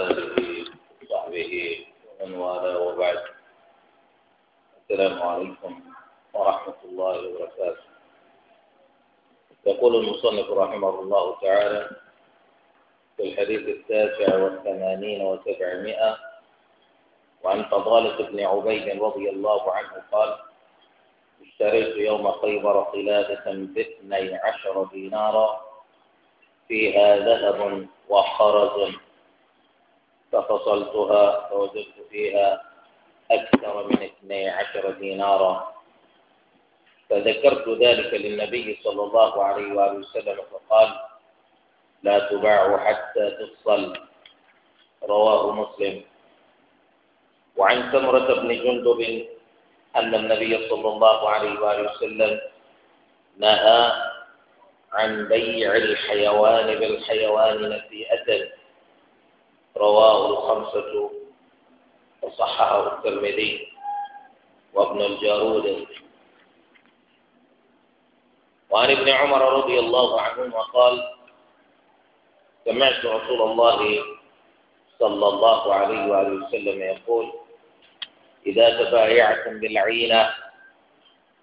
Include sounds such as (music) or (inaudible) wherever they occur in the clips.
آله وصحبه ومن والاه وبعد السلام عليكم ورحمة الله وبركاته يقول المصنف رحمه الله تعالى في الحديث التاسع والثمانين وسبعمائة وعن فضالة بن عبيد رضي الله عنه قال اشتريت يوم خيبر قلادة باثني عشر دينارا فيها ذهب وخرز ففصلتها فوجدت فيها أكثر من اثني عشر دينارا فذكرت ذلك للنبي صلى الله عليه وآله وسلم فقال لا تباع حتى تفصل رواه مسلم وعن سمرة بن جندب أن النبي صلى الله عليه وآله وسلم نهى عن بيع الحيوان بالحيوان نسيئة رواه الخمسة وصححه الترمذي وابن الجارود وعن ابن عمر رضي الله عنهما قال سمعت رسول الله صلى الله عليه وآله وسلم يقول إذا تبايعتم بالعينة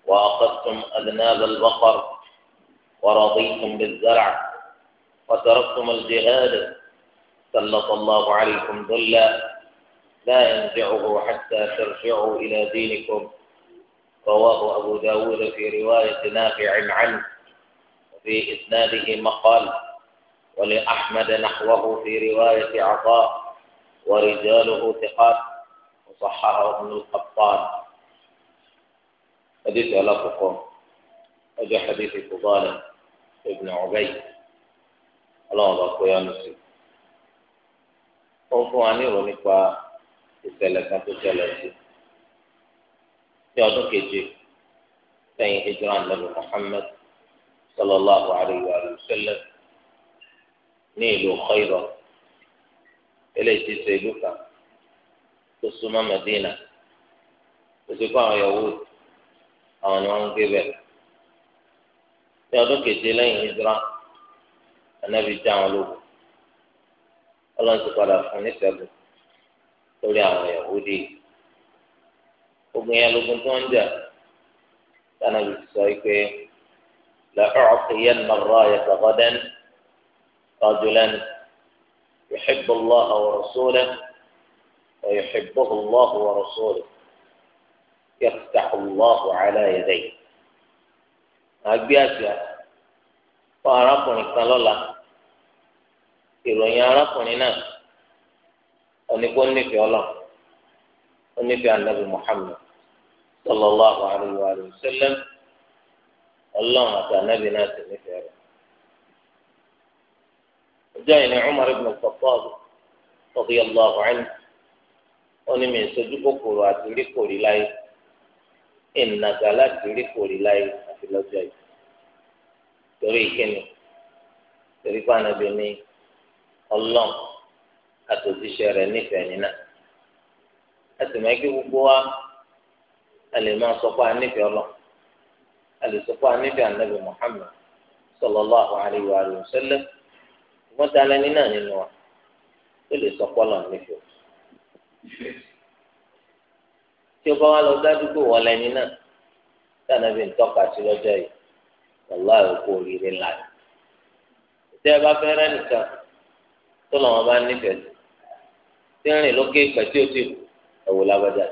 وأخذتم أذناب البقر ورضيتم بالزرع وتركتم الجهاد سلط الله عليكم ذلا لا ينزعه حتى ترجعوا إلى دينكم رواه أبو داود في رواية نافع عنه وفي إسناده مقال ولأحمد نحوه في رواية عطاء ورجاله ثقات وصححه ابن القطان حديث علاقكم أجا حديث فضال ابن عبيد اللهم بارك يا مسلم ó fún wa ní ìrò nípa ìṣẹ̀lẹ̀ kan tó ṣẹlẹ̀ sí ní ọdún keje lẹ́yìn hijra nabi muhammed sallallahu alayhi wa sallam ní ìlú khaybar eléyìí ti ṣe ìlú kan tó súnmọ́ medina tó ti kọ́ àwọn yahoo àwọn ni wọ́n ń gbé bẹ́ẹ̀ ní ọdún keje lẹ́yìn hijra anabi já wọn ọlọ́run ti padà fún níṣẹ́gun lórí àwọn Yahudi ogun yẹn lógun tó ń jà tánà bí sọ pé لأعطين الراية غدا رجلا يحب الله ورسوله ويحبه الله ورسوله يفتح الله على يديه أبيات يا فأراكم الكلولة ìròyìn arákùnrin náà onígbó nífẹ̀ẹ́ ọlọ́ onífẹ̀ẹ́ anabi muhammed sallallahu alayhi wa sallam ọlọ́run àti anabi náà sì nífẹ̀ẹ́ rẹ̀. ọjọ́ ìní umar ibn al-khattab radiyallahu kòkòrò àti láyé ìnàgà láti láyé àti yìí torí ọlọ́n àtòjíṣẹ́ rẹ̀ nífẹ̀ẹ́ nínà a sì máa kí gbogbo a lè máa sọ pé a nífẹ̀ẹ́ ọlọ́n a lè sọ pé a Muhammad sọlọlọ alaihi wa sallam wọ́n ta lẹ́ni nínú wa lè sọ pé ọlọ́n nífẹ̀ẹ́ tí o bá lọ dádúgbò wọ náà tí ń tọ́ka sí lọ́jọ́ yìí bá fẹ́ tó lọ́wọ́ bá nífẹ̀ẹ́ sí tí ń rìn lókè ìpẹ́ tí ó ti ẹ̀wò lágbájá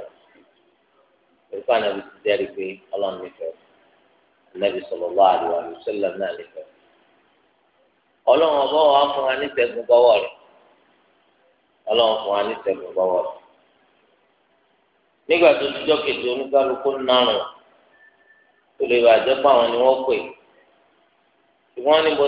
ìfọ̀ ànábi ti dẹ́rì pé ọlọ́run nífẹ̀ẹ́ ànábi sallallahu alaihi wa sallam náà nífẹ̀ẹ́ ọlọ́run wa fún wa gbọ́wọ́ rẹ̀ ọlọ́run fún wa gbọ́wọ́ rẹ̀ nígbà tó kejì oníkálukú bàjẹ́ pé àwọn ni wọ́n pè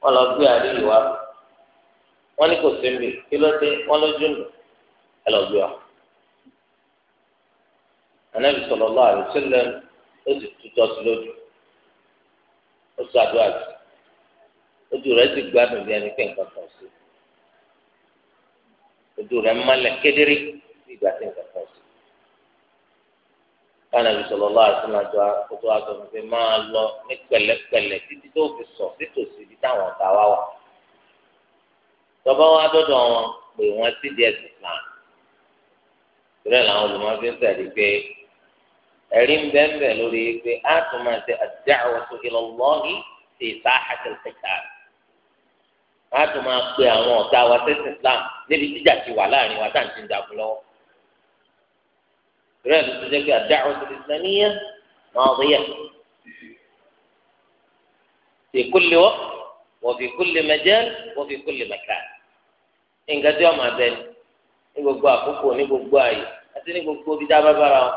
wọn lọ gbé àríyìn wa wọn ní kò sí mbì kí ló dé wọn lójú nù ẹ lọ gbé wa. anabi sallallahu alaihi wasallam ó ti tutọ́ sí lójú ó sọ àdúrà sí ojú gbádùn bí ẹni pé nǹkan kan sí ojú kedere bí ìgbà tí nǹkan kánà bí sọlọ́lá àtúnlá tó àkótó àtọ̀nù pé máa lọ ní pẹ̀lẹ́pẹ̀lẹ́ títí tó fi sọ nítòsí ibi táwọn ọ̀tá wa wà. tọ́ba wa dọ́dọ̀ wọn pé wọ́n ti di ẹ̀sìn plan. ìrẹ́ làwọn olùmọ̀ fi ń tẹ̀lé pé ẹ̀rí ń bẹ́ẹ̀ bẹ́ẹ̀ lórí pé a tún máa ṣe ad-da'watu ila Allahi fi saahatil qital. a tún máa pe àwọn ọ̀tá wa sẹ́sìn plan níbi jíjà ti wà láàrin wa táǹtì ń dàgbù lọ́wọ́ rẹ ló ti jẹ́ pé ad-da'wah al-islamiyyah madiyah fi kulli waqt wa fi kulli majal wa fi kulli makan nǹkan tí wọ́n máa bẹ ní gbogbo àkókò ní gbogbo ààyè àti ní gbogbo ibi tá bára wọn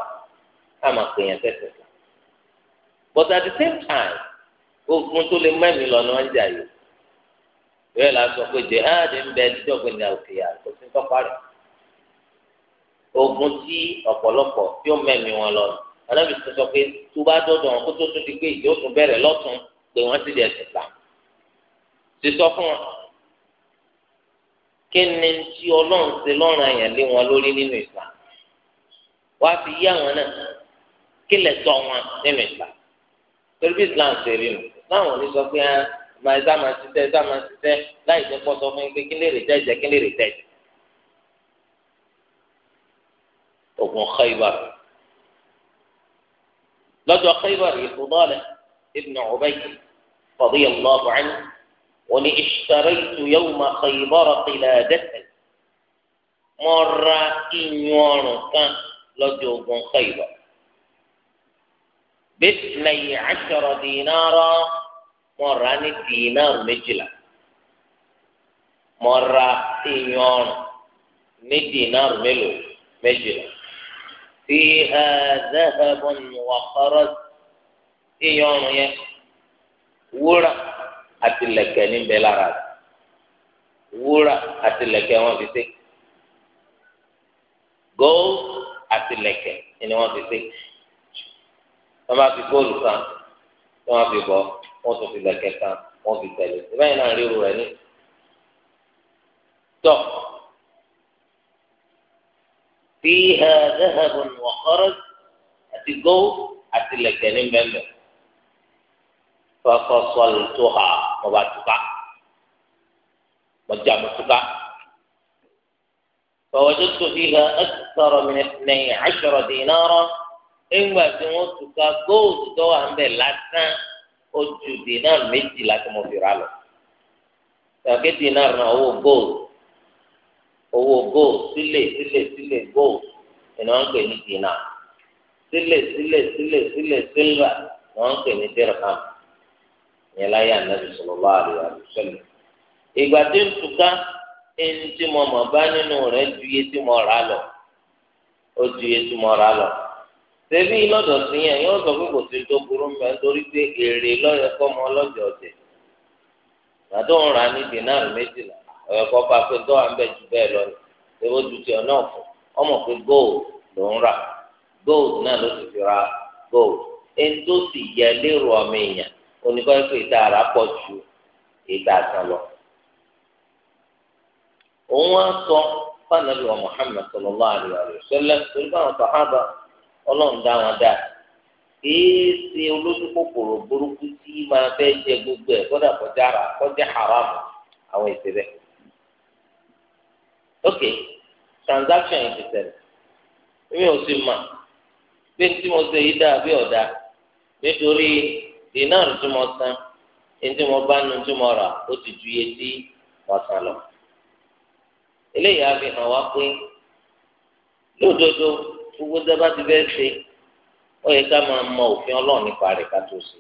á máa pè yẹn fẹsẹ̀ but at the same time ogun tó lè mẹ́rin lọ́nà wọn jà yìí rẹ la sọ pé jihad ń bẹ ẹjọ́ gbẹ̀dẹ̀ òkè àkọsí tọ́pa rẹ̀ ogun tí ọ̀pọ̀lọpọ̀ tí ó mẹ́mi wọn lọ anábì tó sọ pé tó bá dọ̀dọ̀ wọn kó tó tún di pé ìjọ tún bẹ̀rẹ̀ lọ́tún pé wọ́n ti dẹ̀ tún gbà sísọ fún wọn kí ni tí ọlọ́run ṣe lọ́rùn àyàn lé wọn lórí nínú ìgbà wàá fi yí àwọn náà kí lè tọ́ wọn nínú ìgbà torí Islam ṣe rí nu láwọn oní sọ pé ah, ẹ máa ẹ sá máa ṣiṣẹ́ ẹ sá máa ṣiṣẹ́ láì jẹ́ pọ́ sọ fún yín pé kí lè rè tẹ́jẹ́ kí lè rè tẹ́jẹ́ ogun Khaybar lọ́jọ́ Khaybar yìí Fudalah ibn Ubayd radiyallahu anhu wọ́n ní ishtaraytu yawma Khaybar qiladatan mo ra iyùn ọrùn kan lọ́jọ́ ogun Khaybar bẹ́tìlẹ̀ àṣọrọ̀ dìnnárà mo ra ní dìnnárù méjìlá mo ra iyùn ọrùn ní dìnnárù mélòó méjìlá. fíhà zahabun wàkọrọ iye ọrùn yẹn wúrà àti lẹ̀kẹ̀ níbẹ̀ lára rẹ̀ wúrà àti lẹ̀kẹ̀ wọn fi ṣe gold àti lẹ̀kẹ̀ ni wọn fi ṣe wọn bá fi góòlù kan tí wọn fi bọ wọn tún fi lẹ̀kẹ̀ kan wọn fi tẹ̀lé ìbáyìí náà rí irú rẹ̀ ní tọ. فيها ذهب وخرج هاتي الجو هاتي اللجانين بامبا ففصلتها مباتكا مجامتكا فوجدت فيها أكثر من اثني عشر دينارا إما جموتكا جو جو عند بلاتنا او دينار مجي لاتمو فيرالو فكي دينار هو جو owó gold sílè sílè sílè gold ni wọ́n ń pè ní dínà sílè sílè sílè sílè sílvà ni ń pè ní dirham ìyẹn láyé ànábì sallallahu alaihi ìgbà tí ń ẹni tí mo mọ̀ bá nínú lọ ó ju iye tí mo rà lọ sí yẹn yóò sọ pé kò sí tó burú torí pé èrè lọ́jọ́ ọ̀yọ̀ kọ́ bá pé dọ́wà ń bẹ̀ jù bẹ́ẹ̀ lọ ni ewé ju tiẹ̀ náà ọmọ pé gold ló ń rà gold náà ló sì fi ra gold sì yẹ lọ. òun sọ fanabi wa Muhammad sallallahu torí báwọn dá wọn dá olójú kòkòrò burúkú tí máa gbogbo ẹ̀ kọ́dà kọjá haram àwọn ok transaction yìí ti ṣẹlẹ̀ èmi ò sì mà pé tí mo ṣe yìí dáa bí ọ̀dà nítorí dinar tí mo san ẹni tí mo bá nu tí mo rà ó ti ju iye tí mo san lọ eléyìí á fi hàn wá pé lódodo gbogbo dábàá ti fẹ́ ṣe ó yẹ ká máa mọ òfin ọlọ́run nípa rẹ̀ ká tó ṣe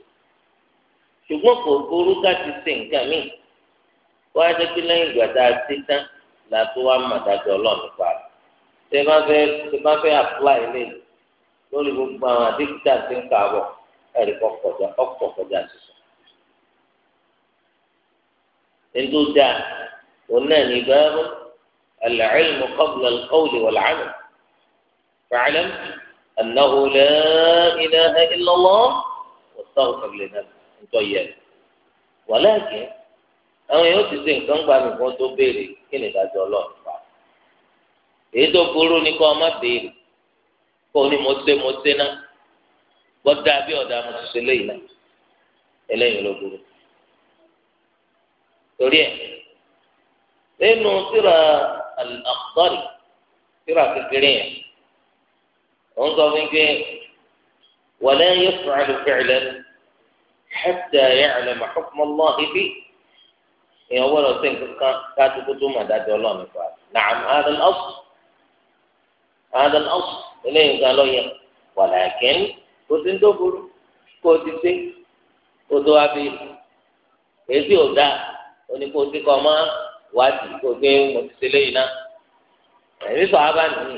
ṣùgbọ́n kò burú ti ṣe nǹkan míì wọ́n á jẹ́ lẹ́yìn ìgbà tá a ṣe tán la tó wá mọ̀ dájọ́ ọlọ́run nípa rẹ̀ tẹ bá fẹ́ tẹ bá fẹ́ apply lé lórí gbogbo àwọn àdìgítà tí ń kàwọ̀ ẹ̀rí kọkọjà ọkọ̀ kọjá sísọ. Nínú dáa, òun náà ní báyọ̀ العلم قبل القول والعمل فاعلم أنه لا إله إلا الله واستغفر لنفسك أنت ولكن àwọn èèyàn ti ṣe nǹkan gba nìkan tó béèrè kí ni ìdájọ́ ọlọ́run pa èyí tó burú ni kó ọmọ béèrè kó o ní mo ṣe mo ṣe ná gbọ́dọ̀ àbí ọ̀dà mo ti ṣe léyìn náà eléyìí ló burú torí ẹ nínú síra àkọrí síra kékeré yẹn ó sọ fún pé wàlẹ́ yóò fún àlùfẹ́ ìlẹ́nu حتى يعلم حكم الله فيه èèyàn gbọ́dọ̀ sí nǹkan kan káàtó kó tó mà dájọ́ ọlọ́run nípa nàám adal ọ̀sùn adal ọ̀sùn eléyìí nǹkan lọ́yẹ wàlàkín kò sí ń tó burú kó o ti dé kó o tó wá bí èsì ò dáa oní kó o ti kọ́ ọmọ wádìí kó o gbé mo ti ṣe léyìí náà ẹ̀mí sọ abá nìyí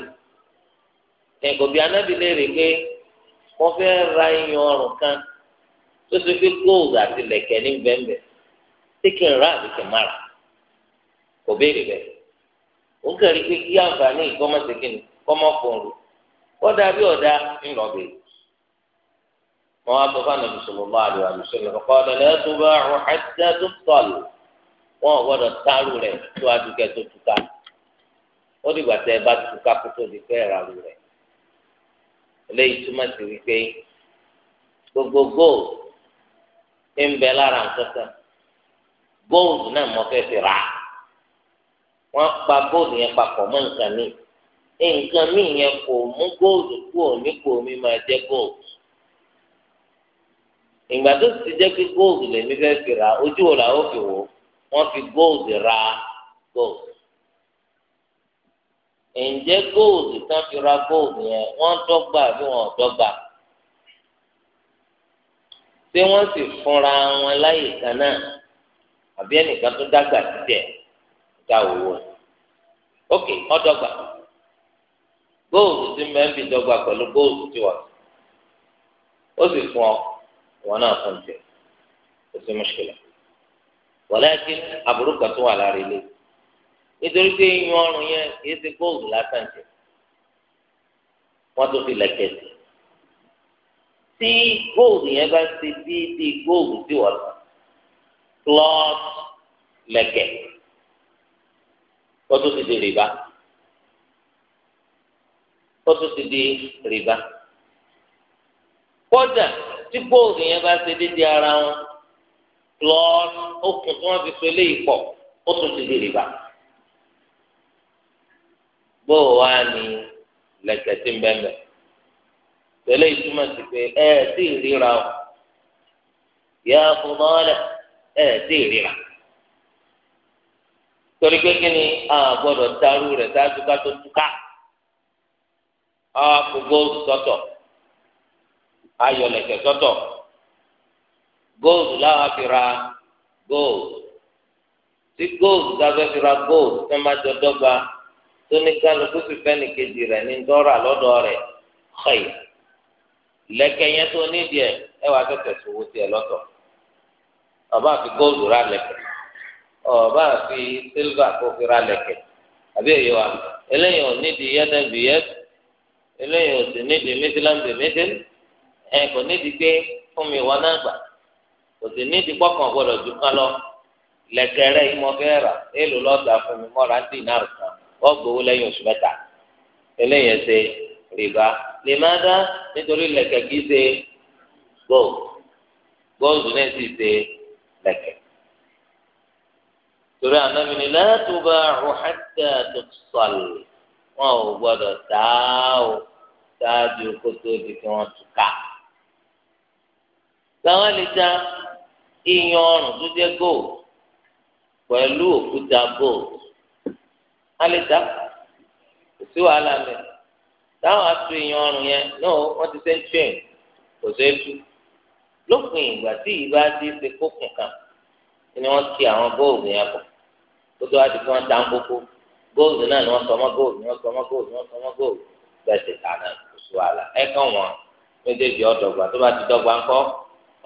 ẹ̀kọ́ bíi anábì léèrè pé wọ́n fẹ́ ra iyan ọrùn kan tó ṣe pé góòlù àti lẹ̀kẹ́ ní bẹ́ẹ̀ ṣé kí n ra kò béèrè bẹ́ẹ̀ ó ń kẹ́rì pé kí àǹfààní ìkọ́mọ̀sí ni fún un bí ọ̀dà ńlọ bẹ́ẹ̀. wọn á sọ fún anabi sọlọ́lá àdúrà àdúrà kọ́ ọ̀dà lẹ́yìn tó bá rún ẹ̀dá tó tọ̀lù ò gbọ́dọ̀ rẹ̀ tó adúgẹ́ ó dìgbà tẹ́ ẹ bá di fẹ́ rẹ̀ eléyìí túmọ̀ sí wípé gbogbogbò ń bẹ lára nǹkan góòlù náà mo fẹ́ fi rà á wọ́n pa góòlù yẹn papọ̀ mọ́ nǹkan mi nǹkan mi yẹn kò mú góòlù kúrò nípò mi máa jẹ́ góòlù ìgbà tó ti jẹ́ pé góòlù lèmi fẹ́ fi rà ojú wo làwọn fi wò wọ́n fi góòlù ra góòlù ǹjẹ́ góòlù tán fi ra góòlù yẹn wọ́n dọ́gba àbí wọn ò dọ́gba ṣé wọ́n sì fúnra wọn láyè kan náà. àbí ẹnìkan tó dàgbà títẹ̀ ta owó ok ọdọgba góòlù tí mẹ́ńbì dọ́gba pẹ̀lú góòlù tí wọ́n ó sì fún ọ wọn náà fún tiẹ̀ kò sí mùṣkílà walakin aburú kan tó wà lára ilé nítorí pé yíyan ọrùn yẹn kìí ṣe góòlù lásán jẹ wọn tó fi lẹ̀kẹ̀ sí góòlù yẹn bá ṣe déédéé góòlù tí wọ́n lọ plus lẹ̀kẹ̀ ó ti di rìbá ó tún ti di rìbá kódà tí góòlù yẹn bá ṣe dédé ara wọn plus okùn tí wọ́n fi so eléyìí pọ̀ ó tún ti di rìbá bóò wá ní lẹ̀kẹ̀ tí ń bẹ mẹ tẹ́lẹ̀ ìtumọ̀ sí pé ẹ ẹ sì ríra o yẹ fún mọ́lẹ̀. ẹ ti ìríra torí pé kí ni a gbọ́dọ̀ darú rẹ̀ dájú ká tó túká a kò góòlù sọ́tọ̀ a yọ góòlù láwa fi ra góòlù tí góòlù dábẹ́ fi ra góòlù tó má jọ dọ́gba tó ní kálukú sì ní kejì rẹ̀ ní lọ́dọ̀ rẹ̀ ọba àfi góòlù ra lẹ̀kẹ̀ ọba àfi sílvà kó fi ra lẹ̀kẹ̀ àbí èyí wa eléyìí ò nídìí yẹ́dẹ̀ bí yẹ́ eléyìí ò sì nídìí mísílámù mísílì ẹ kò nídìí pé fún mi wọn náà gbà kò sì nídìí pọ́kàn gbọ́dọ̀ ju kan lọ lẹ̀kẹ̀ rẹ̀ yìí mo fẹ́ rà èlò lọ́ọ̀dà fún mi mọ́ra ń dìnnà kan wọ́n gbowó lẹ́yìn oṣù mẹ́ta eléyìí ẹ̀ ṣe rìbá lè nítorí lẹ̀kẹ̀ kì ṣe gold gold náà sì ṣe lẹ́kẹ̀. torí ànábi ni látòbá rúḥàtà tó sọ̀lù wọn ò gbọ́dọ̀ tá o ṣáájú kó tó di kí wọ́n tún ká. làwọn lè ta iyan ọrùn tó jẹ́ gold pẹ̀lú òkúta gold. a lè ta kò sí wàhálà mi táwọn aṣọ iyan ọrùn yẹn náà wọ́n ti ṣe ń tún ẹ̀ kò ṣe é tún lópin ìgbà tí ìbá ti ṣe kókùn kan ni wọ́n ti àwọn góòlù yẹn bọ̀ kó tó wá di kí wọ́n dá gbogbo góòlù náà ni wọ́n sọ mọ́ góòlù ni wọ́n sọ mọ́ góòlù ni wọ́n sọ mọ́ góòlù bẹ́ẹ̀ ti tà náà kò sí wàhálà ẹ kàn wọ́n méjèèjì ọ̀dọ̀gba tó bá ti dọ́gba ńkọ́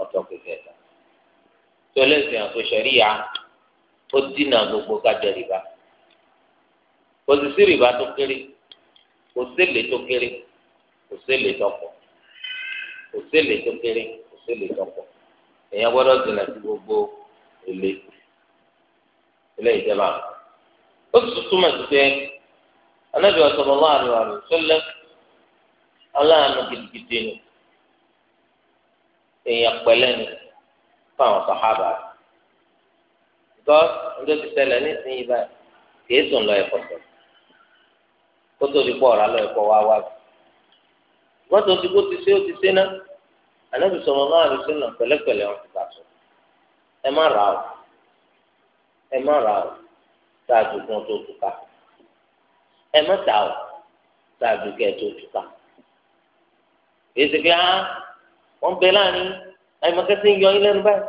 ọ̀tọ̀ kẹ̀kẹ́ ta tó lè fi hàn pé ó dínà gbogbo kájọ rìbá kò sì sí rìbá tó kéré kò sí èlé tó kéré kò sí èlé tó pọ̀ kò sí èlé tó kéré. èlé tọpọ èèyàn gbọ́dọ̀ dènà sí gbogbo èlé ilé ìjọba ó sì túmọ̀ sí pé anábì ọ̀sán ọlọ́ àlọ́ àlọ́ sọ́lẹ̀ aláàánú gidigidi ni èèyàn pẹ̀lẹ́ ni fún àwọn gbọ́ ti anabi sọlọ náà ló sí náà pẹ̀lẹ́pẹ̀lẹ́ wọn ti bàtọ ẹ má ra o ẹ má ra o ṣáàjú kí wọn tó túká ẹ má ta o ṣáàjú kí ẹ tó túká èsì pé ah wọn bẹ láàrin àyèmọkẹsí ń yọ ilé ẹnu báyìí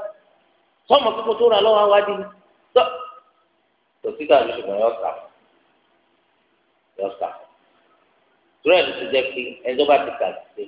sọmọ kíkó tó ra lọ́wọ́ àwádìí ni tọ kò sí káàdì ṣùgbọ́n yọ sà yọ sà tó rẹ ló ti jẹ pé ẹjọ́ bá ti kà sí i.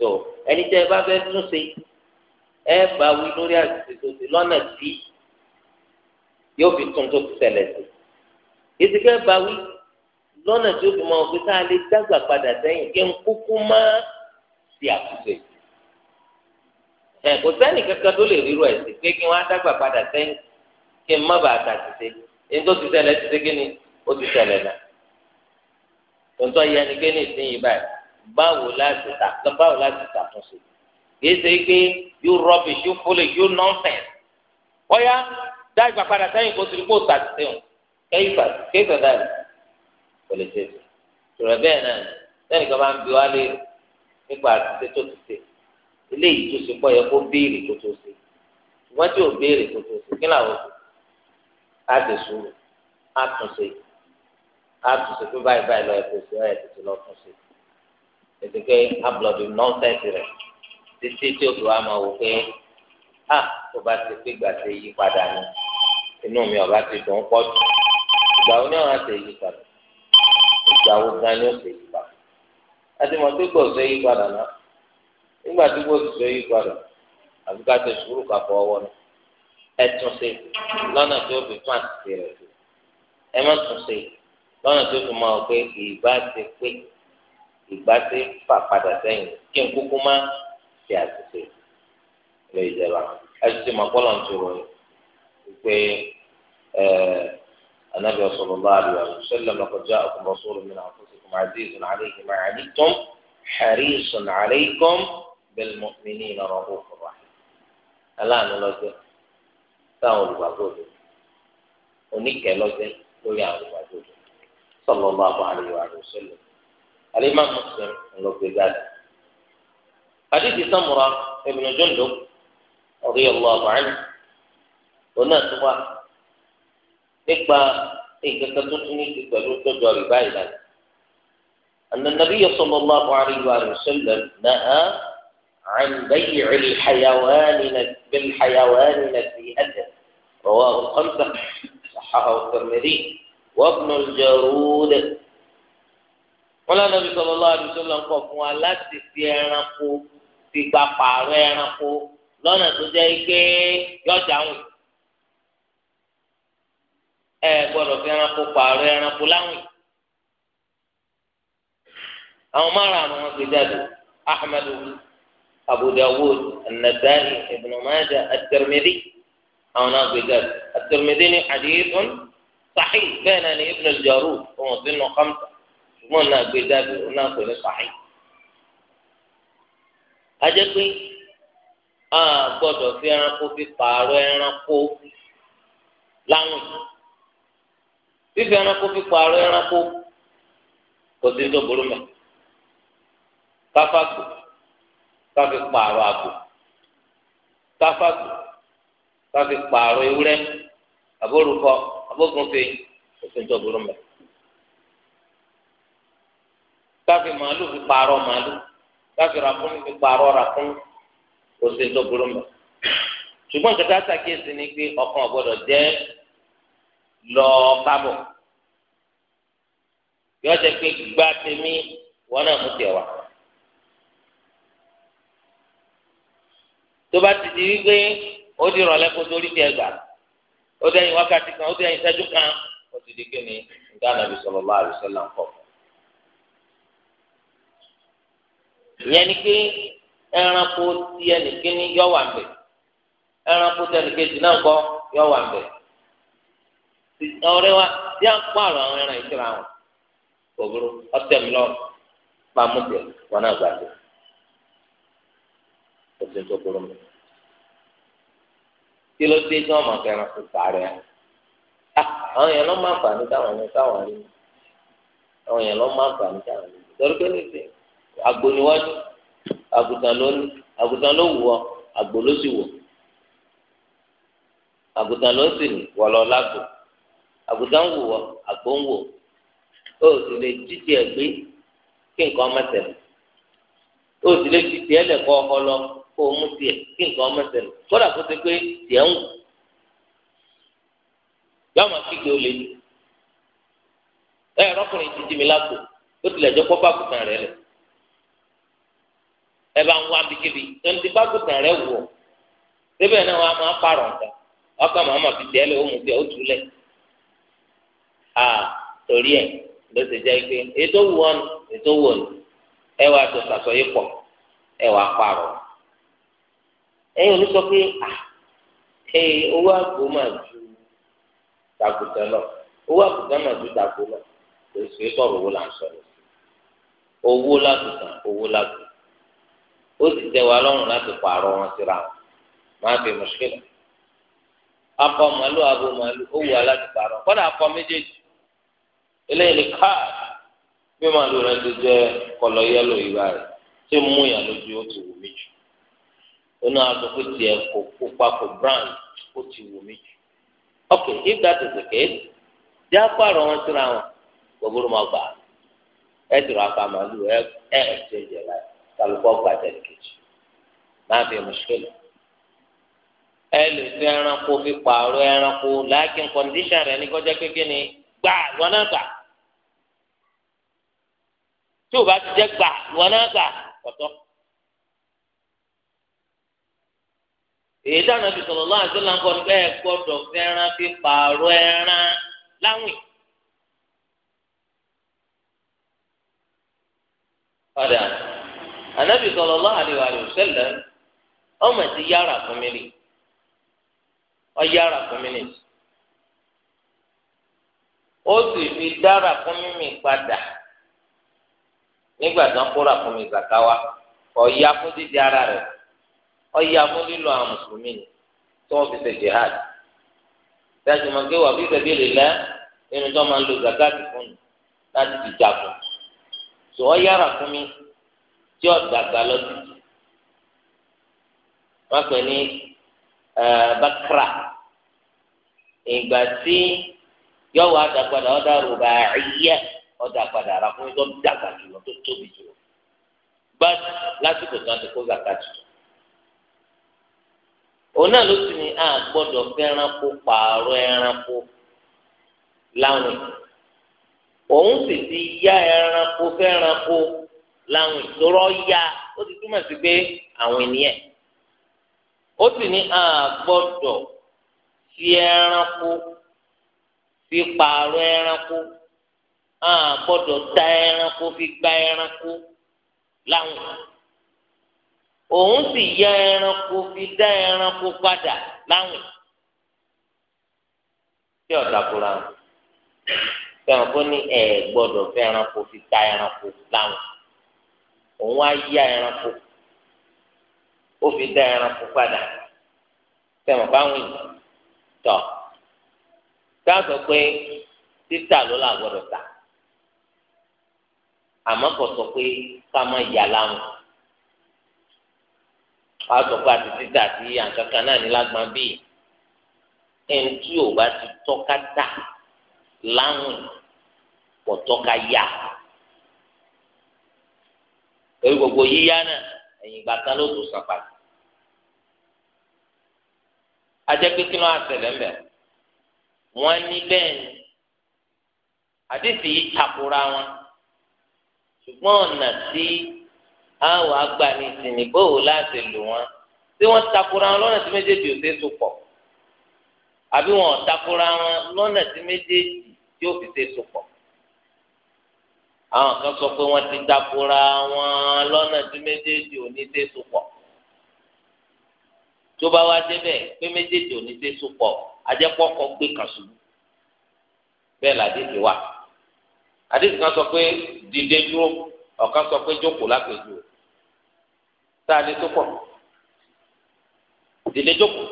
tó ẹni tẹ́ ẹ bá fẹ́ tún ṣe ẹ bá wí lórí àṣìṣe tó ṣe lọ́nà tí yóò fi tún tó ti ṣẹlẹ̀ sí ìsìnkẹ́ bá wí lọ́nà tí ó fi máa fi ká lè dàgbà padà sẹ́yìn kí n kúkú má ti àtúnṣe ẹ kò sẹ́ni kankan tó lè ríru ẹ̀ sí pé kí wọ́n á dàgbà padà sẹ́yìn kí n má bàa tàṣìṣe ẹni tó ti ṣẹlẹ̀ ti ṣe kí ni ó ti ṣẹlẹ̀ náà tòǹtọ́ yẹ ni kí ni ìsinyìí báyìí báwo láti tà báwo láti tàtúnṣe kìí ṣe pé yóò rubbish yóò fọlẹ̀ yóò nonsense ọ̀yá dá ìgbà padà sẹ́yìn kó tìrìkó sàtìsẹ́ o kẹ́yìfà kẹ́yìfà dáàbì kò lè ṣe tòrọ bẹ́ẹ̀ náà sẹ́yìn kan máa ń bi wá lé nípa àtúnṣe tó ti ṣe eléyìí tó ṣe pọ̀ yẹ kó béèrè kó tó ṣe ṣùgbọ́n tí ò béèrè kó tó ṣe kí làwọn ṣe á ti sùúrù á tún ṣe á tún ṣe pé báyìí báyìí lọ ẹ̀ kó ṣe ọ̀ ètò pé abúlọ̀dù nọ́ọ̀sẹ̀sì títí tí o tó wá máa wò pé a tó bá ti pé gbà ṣe yí padà ni inú mi ọba ti dùn pọ̀ jù ìgbà wo ni ọ̀rá ṣe yí padà ìgbà wo gan ni ó ṣe yí padà láti mọ̀ pé kò ṣe yí padà náà nígbà tí kò ṣe yí padà àbí ká ṣe sùúrù ká fọ ọwọ́ náà ẹ tún ṣe lọ́nà tí ó fi fún àtìsí rẹ̀ ẹ má tún ṣe lọ́nà tí ó fi máa wò pé ìbá ti pé ìgbà tí fà padà sẹ́yìn kí n kúkú má ṣe àṣìṣe lè jẹba àṣìṣe màkọ́lọ̀ ń sọ̀rọ̀ pé anabi sallallahu alaihi wa sallam laqad ja'akum rasulun min anfusikum azizun alayhi ma 'anittum harisun alaykum bil mu'minina rahufur rahim aláàánú lọ́jọ́ táwọn olùgbàgbọ́ òdo oníkẹ́ lọ́jọ́ lórí àwọn olùgbàgbọ́ òdo sallallahu alaihi wa sallam. الإمام مسلم له في ذلك حديث سمرة ابن جندب رضي الله عنه والناس هو نكبة إيه كتبتني تقبلوا تجوا ربايلا أن النبي صلى الله عليه وآله وسلم نهى عن بيع الحيوان بالحيوان نسيئته رواه الخمسة صححه الترمذي وابن الجرود wọn lọ́nà bí sallallahu alaihi wasallam kọ̀ fún wa láti fi ẹranko fi gba pààrọ̀ ẹranko lọ́nà tó jẹ́ pé yọjà ń wò ẹ gbọ́dọ̀ fi ẹranko pààrọ̀ ẹranko láwìn àwọn márùn-ún wọn gbé jáde Ahmad Abu Dawud An-Nasa'i Ibn Majah at àwọn náà gbé jáde At-Tirmidhi ní hadithun sahih náà ní Ibn al ọmọ sínú khamsa ṣùgbọ́n náà gbé jáde òun náà pè ní sàáyì. a jẹ́ pé a gbọ́dọ̀ fi ẹranko fi pààrọ̀ ẹranko láwìn fífi ẹranko fi pààrọ̀ ẹranko kò sí tó burú mẹ́ káfàgbò káfi pààrọ̀ àgbò káfàgbò káfi pààrọ̀ ewúrẹ́ àbórúkọ abógunfe kò sí tó burú mẹ́ káfí màálù fi pààrọ̀ màálù káfí ràkúnmí fi pààrọ̀ ràkúnmí kò sí tó burú mọ́. ṣùgbọ́n kẹta ṣàkíyèsí ni pé ọkàn ọ̀gbọ́dọ̀ jẹ́ lọ́ọ́ kábọ̀ yọ jẹ pé gbá tèmi wọn náà mú tiẹ̀ wá. tó bá ti di wípé ó di ìrọ̀lẹ́ kó torí tiẹ̀ gbà ó dẹ́yìn wákàtí kan ó dẹ́yìn ìṣẹ́jú kan ó ti di kí ni ìdáná bí sallallahu alaihi wasallam kọ̀. ìyẹn ni pé ẹranko ti ẹnìkíní yọ wà mbẹ ẹranko ti ẹnìkejì náà kọ yọ wà mbẹ ọ̀rẹ́ wa tí a ń pààrọ̀ àwọn ẹran ìṣúra wọn kò burú ọtẹ mi lọ pamọtẹ wọn náà gbàgbé kò sí tó burú mi kí ló dé tí wọn máa fẹ́ràn fún sàárẹ ah, àwọn èèyàn ló máa fà ní táwọn ẹni táwọn ẹni àwọn èèyàn ló máa fà ní táwọn ẹni torí pé ní ìsìn àgbò níwájú àgùntàn ló ní àgùntàn ló wù ọ àgbò ló sì wù àgùntàn ló sì ní wọlọ lágbo àgùntàn wù ọ àgbò ń wù ó sì lè títí ẹ gbé kí nǹkan má ṣẹlẹ̀ ó sì lè títí ẹ lẹkọ ọkọ lọ kó o mú tiẹ̀ kí nǹkan má kódà kó ṣe pé tiẹ̀ ń wù yọọ máa kígbe olè ní ẹ ẹ rọkùnrin títí mi lágbo ó tilẹ̀ jẹ́ kó bá rẹ lẹ̀ ẹ bá ń wá bíkíbi tonti bágùtàn rẹ wọ síbẹ̀ náà wọ́n á máa pààrọ̀ nǹkan ọkàn màmá fi tẹ́ lé ohun tí ó tú lẹ̀ à torí ẹ̀ ló ti jẹ́ pé ètò wù ọ́nù ètò wù ọ́nù ẹ wàá tó sàsọyé pọ̀ ẹ wàá pààrọ̀ ẹ̀yin òní sọ pé à ẹ owó àgbo máa ju tàgùtàn lọ owó àgùtàn máa ju tàgùtàn lọ kò sí sọ̀rọ̀ owó là ń sọ̀rọ̀ owó làgùtàn owó làgùtàn ó sì tẹ́ wa lọ́rùn láti pààrọ̀ wọn síra wọn máa fi mùsùlùmí akọ màálù abo màálù ó wù aláti pààrọ̀ kọ́dà akọ méjèèjì eléyìí ni káà bí màálù rẹ ti jẹ kọlọ yẹlò ìgbà rẹ tí mú yàn lójú ó ti wù mí jù onú àtúkò tiẹ̀ kò pupa kò brown ó ti wù mí jù ok if that is the case jẹ́ apààrọ̀ wọn síra wọn gbogbo máa gbà ẹ̀ tìrọ̀ apá màálù ẹ̀ ẹ̀ ṣe jẹ̀ láì kálukọ́ gbàdẹ̀ kejì máa fi mùsùlùmí. ẹ lè fi ẹranko fi pààrọ̀ ẹranko láàkín kọ́ndíṣàn rẹ̀ ní kọjá kékeré ni gbà lọ́nà gbà tí o bá ti jẹ́ gbà lọ́nà gbà kọ̀tọ́. èyí dáná fi sọ̀rọ̀ lọ́wọ́ àti láńkọ́ ní bẹ́ẹ̀ gbọ́dọ̀ fẹ́ràn fi pààrọ̀ ẹran láwìn. padà anabi sallallahu alaihi wa sallam ọmọ ti yára fún mi rí ọ yára mi fi padà nígbà tó ń kóra mi zakawa ọ̀ya fún didi ara rẹ̀ ọ̀ya fún lílo àwọn jihad dájú máa gbé wà fífẹ́ bí lèlẹ́ tó máa lo zakati fún mi láti fi jagun tó tí ọ̀dàgbà lọ sí wọ́n pè bakra ìgbà tí yọ̀wọ́ àdàgbàdà ọ̀dà rògbà ẹ̀yẹ ọ̀dàgbàdà ara fún ẹjọ́ dàgbà jùlọ tó tóbi jùlọ gbá lásìkò tí wọ́n ti kó zaka jù òun náà ló sì ní a gbọ́dọ̀ fẹ́ ẹranko láwìn òun sì láwọn ìṣòro ya ó ti túmọ̀ sí pé àwọn ènìyàn ó sì ní àgbọ̀dọ̀ fi ẹranko fi pààrọ̀ ẹranko àgbọ̀dọ̀ ta ẹranko fi gba ẹranko láwọn òun sì ya ẹranko fi dá ẹranko padà láwọn tí ọ̀dà kura fẹ́ràn kó ní ẹ̀ gbọ́dọ̀ fẹ́ràn kó fi ta ẹranko láwọn. òun á yá ẹranko ó fi dá ẹranko padà tẹmọ báwìn tọ táàtọ pé títà ló là gbọ́dọ̀ tà àmọ́ kò sọ pé ká má yà láwọn a sọ pé àti títà sí àǹkankan náà ní lágbọn bíi ẹni tí ò bá ti tọ́ka tà láwọn kò tọ́ka yà torí gbogbo yíyá náà ẹ̀yìn ìgbà kan ló tún sàpàdé ajẹ́ pé kí ló ń ṣẹlẹ̀ ńbẹ̀ wọ́n ní bẹ́ẹ̀ ni àdìsí yìí takora wọn ṣùgbọ́n ọ̀nà tí àwọn àgbà ní ìsìnì bóòwò láti lò wọn tí wọ́n takora wọn lọ́nà tí méjèèjì ò ṣe é sopọ̀ àbí wọn ò takora wọn lọ́nà tí méjèèjì tí ó fi ṣe é sopọ̀ àwọn kan sọ pé wọn ti dakora wọn lọ́nà tí méjèèjì ò ní tẹ sopọ̀ tó bá wá débẹ̀ pé méjèèjì ò ní tẹ sopọ̀ ajẹpọkọ gbé kàṣù bẹ́ẹ̀ làdéjì wà àdéjì kan sọ pé dìde dúró ọ̀kan sọ pé jókòó lápèjú tá a lè sopọ̀ dìde jókòó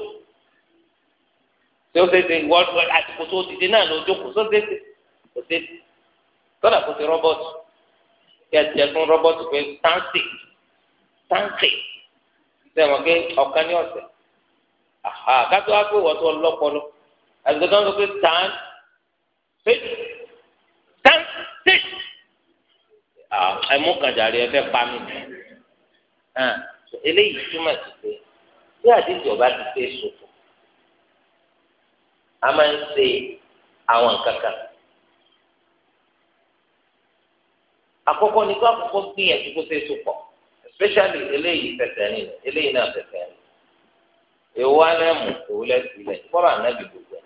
tí ó ṣe ṣe wọ́n àtìkò tó dìde náà ló jókòó tó ṣe ṣe ṣe tọ́lá kó ti rọ́bọ̀tù kí ẹ tẹ fún rọ́bọ̀tù pé táǹsì táǹsì sẹ́wọ̀n pé ọ̀kan ní ọ̀sẹ̀ àhà kátó wá pé wọ́tọ́ lọ́pọ̀lọ́ àti tó ń sọ pé táǹsì táǹsì ẹmú kàjàre ẹfẹ́ pa mí eléyìí túmọ̀ sí pé bí àdéhùn ọba ti fẹ́ sọ̀tọ̀ a máa ń ṣe àwọn kankan. àkọ́kọ́ ní kó àkọ́kọ́ gbìyànjú kó ṣeé sopọ̀ especially eléyìí fẹsẹ̀ rìn eléyìí náà fẹsẹ̀ rìn èwo alẹ́mù èwo lẹ́sìn ilẹ̀ fọ́nrán anábì gbogbo ẹ̀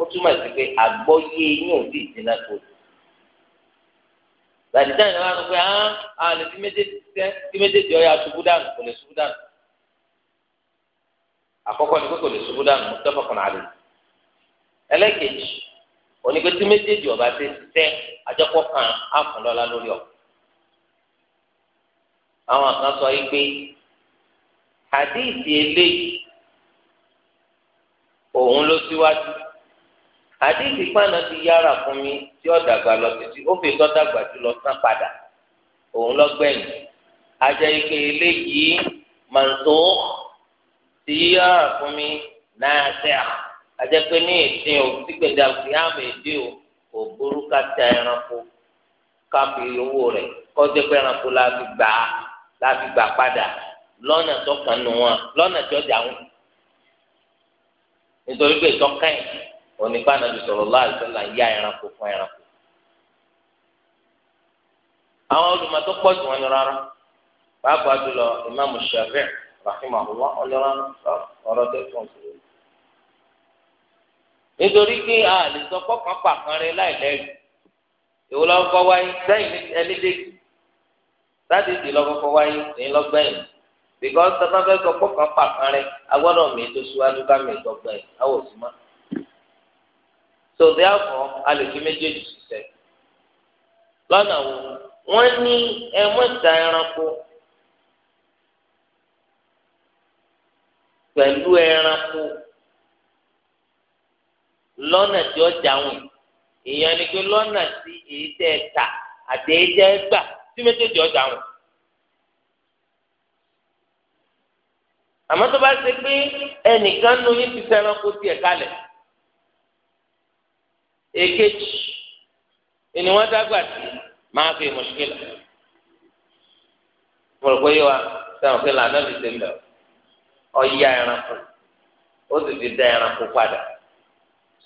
ó túmọ̀ sí pé àgbọ́yé yín ò sì dínà tó o gbàdìjà yìí wọn pé hàn án ní tí méjèèjì tẹ tí méjèèjì ọyà ṣubú dànù kò lè ṣubú dànù àkọ́kọ́ ni pé kò lè ṣubú dànù mustapha kan àlè ẹlẹ́kejì onígbé tí méjèèjì ọba ti tẹ àjọpọ̀ kan á fún lọ́la lórí ọ̀pọ̀. àwọn kan sọ yìí pé hadithi eléyìí òun ló síwájú hadithi pàànà ti yára fún mi tí ó dàgbà lọ títí ó fi tọ́ dàgbà lọ sán padà òun lọ gbẹ̀yìn ajá ike eléyìí màǹtó ti yára fún mi náà tẹ́ à ajá pé ní ìsìn o o kò burú ká ẹranko ká fi owó pé ẹranko la láti gbà padà lọ́nà tó kàn nù wọn lọ́nà tó dà wọn nítorí pé ìtọ́kàn yìí onípa nàbì sallallahu alaihi wasallam yá ẹranko fún ẹranko àwọn olùmọ̀tò pọ̀ jù wọn ní rárá pàápàá jùlọ ìmáàmù Shafi'i rahimahullah ọlọ́run ọ̀rọ̀ tó fún un. nítorí pé a lè sọ pọ́kàn pàkan rẹ láì lẹ́rìí wáyé sẹ́yìn ẹlẹ́dẹ́gbẹ̀. láti di lọ́kọ́kọ́ wáyé ní lọ́gbẹ̀yìn bíkọ́ sábà sọ pọ̀ kan mi tó síwájú ká mi sí ma. so therefore a lè fi méjèèjì ṣiṣẹ́ lọ́nà wo wọ́n ní ẹranko pẹ̀lú ẹranko lọ́nà tí ó ìyẹn ni ta àti èyí tí méjèèjì ọjà wọn. àmọ́ tó bá ṣe pé ẹnìkan nu yín ti fẹ́ràn kó tiẹ̀ kalẹ̀ èkejì ni wọ́n dágbà sí máa fi mùṣkílà mo rò pé yóò wá sẹ́wọ̀n pé làánà lè ṣe lọ ọ̀ya ẹranko ó sì ti da ẹranko padà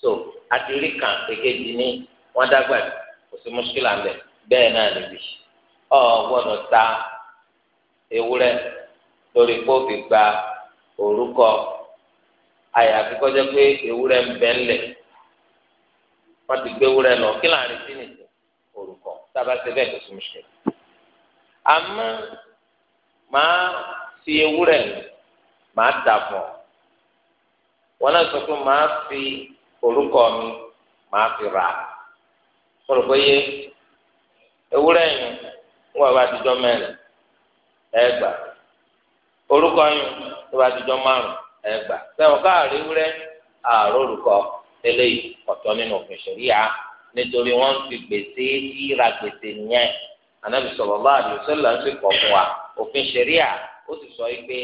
so àti rí kan èkejì ni wọ́n dágbà sí kò sí mùṣkílà ń bẹ́ẹ̀ náà níbi yìí ọ gbọ́dọ̀ ta ewúrẹ́ lórí kó fi gba orúkọ àyàfi kọjá pé ewúrẹ́ ń bẹ ńlẹ̀ wọ́n ti gbé ewúrẹ́ lọ kí láàrin sí nìyí orúkọ sábà ṣe bẹ́ẹ̀ tó súnmọ́ ṣe. àmọ́ màá fi ewúrẹ́ màá tà fún ọ wọn náà sọ pé màá fi orúkọ mi màá fi rà mo rò pé yé ewúrẹ́ yẹn wọn bá ti jọ mẹ́rin ẹgbà orúkọ yín wọn bá ti jọ márùn ẹgbà sẹwọn káàrí wúrẹ àárọ̀ olùkọ eléyìí ọ̀tọ̀ nínú òfin ṣẹ̀ríà nítorí wọn fi gbèsè yíra gbèsè yẹn anabi sallallahu alaihi wasallam ń fi kọ fún wa òfin ṣẹ̀ríà ó sì sọ pé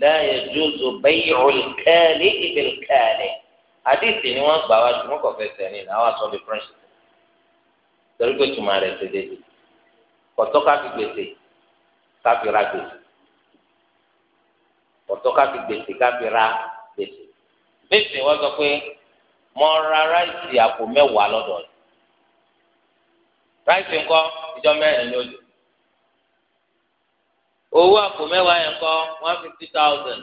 la yajuzu bay'ul kali' bil kali' ni wọn gbà wá ju wọn ní àwọn àtọ di kọtọ káfi gbèsè káfi ra gbèsè kọtọ káfi gbèsè káfi ra gbèsè gbèsè wọn sọ pé mo ra ráìsì àpò mẹ́wàá lọ́dọ̀ rẹ̀ ráìsì ńkọ́ ìjọ mẹ́rin ló lò owó àpò mẹ́wàá yẹn kọ́ one fifty thousand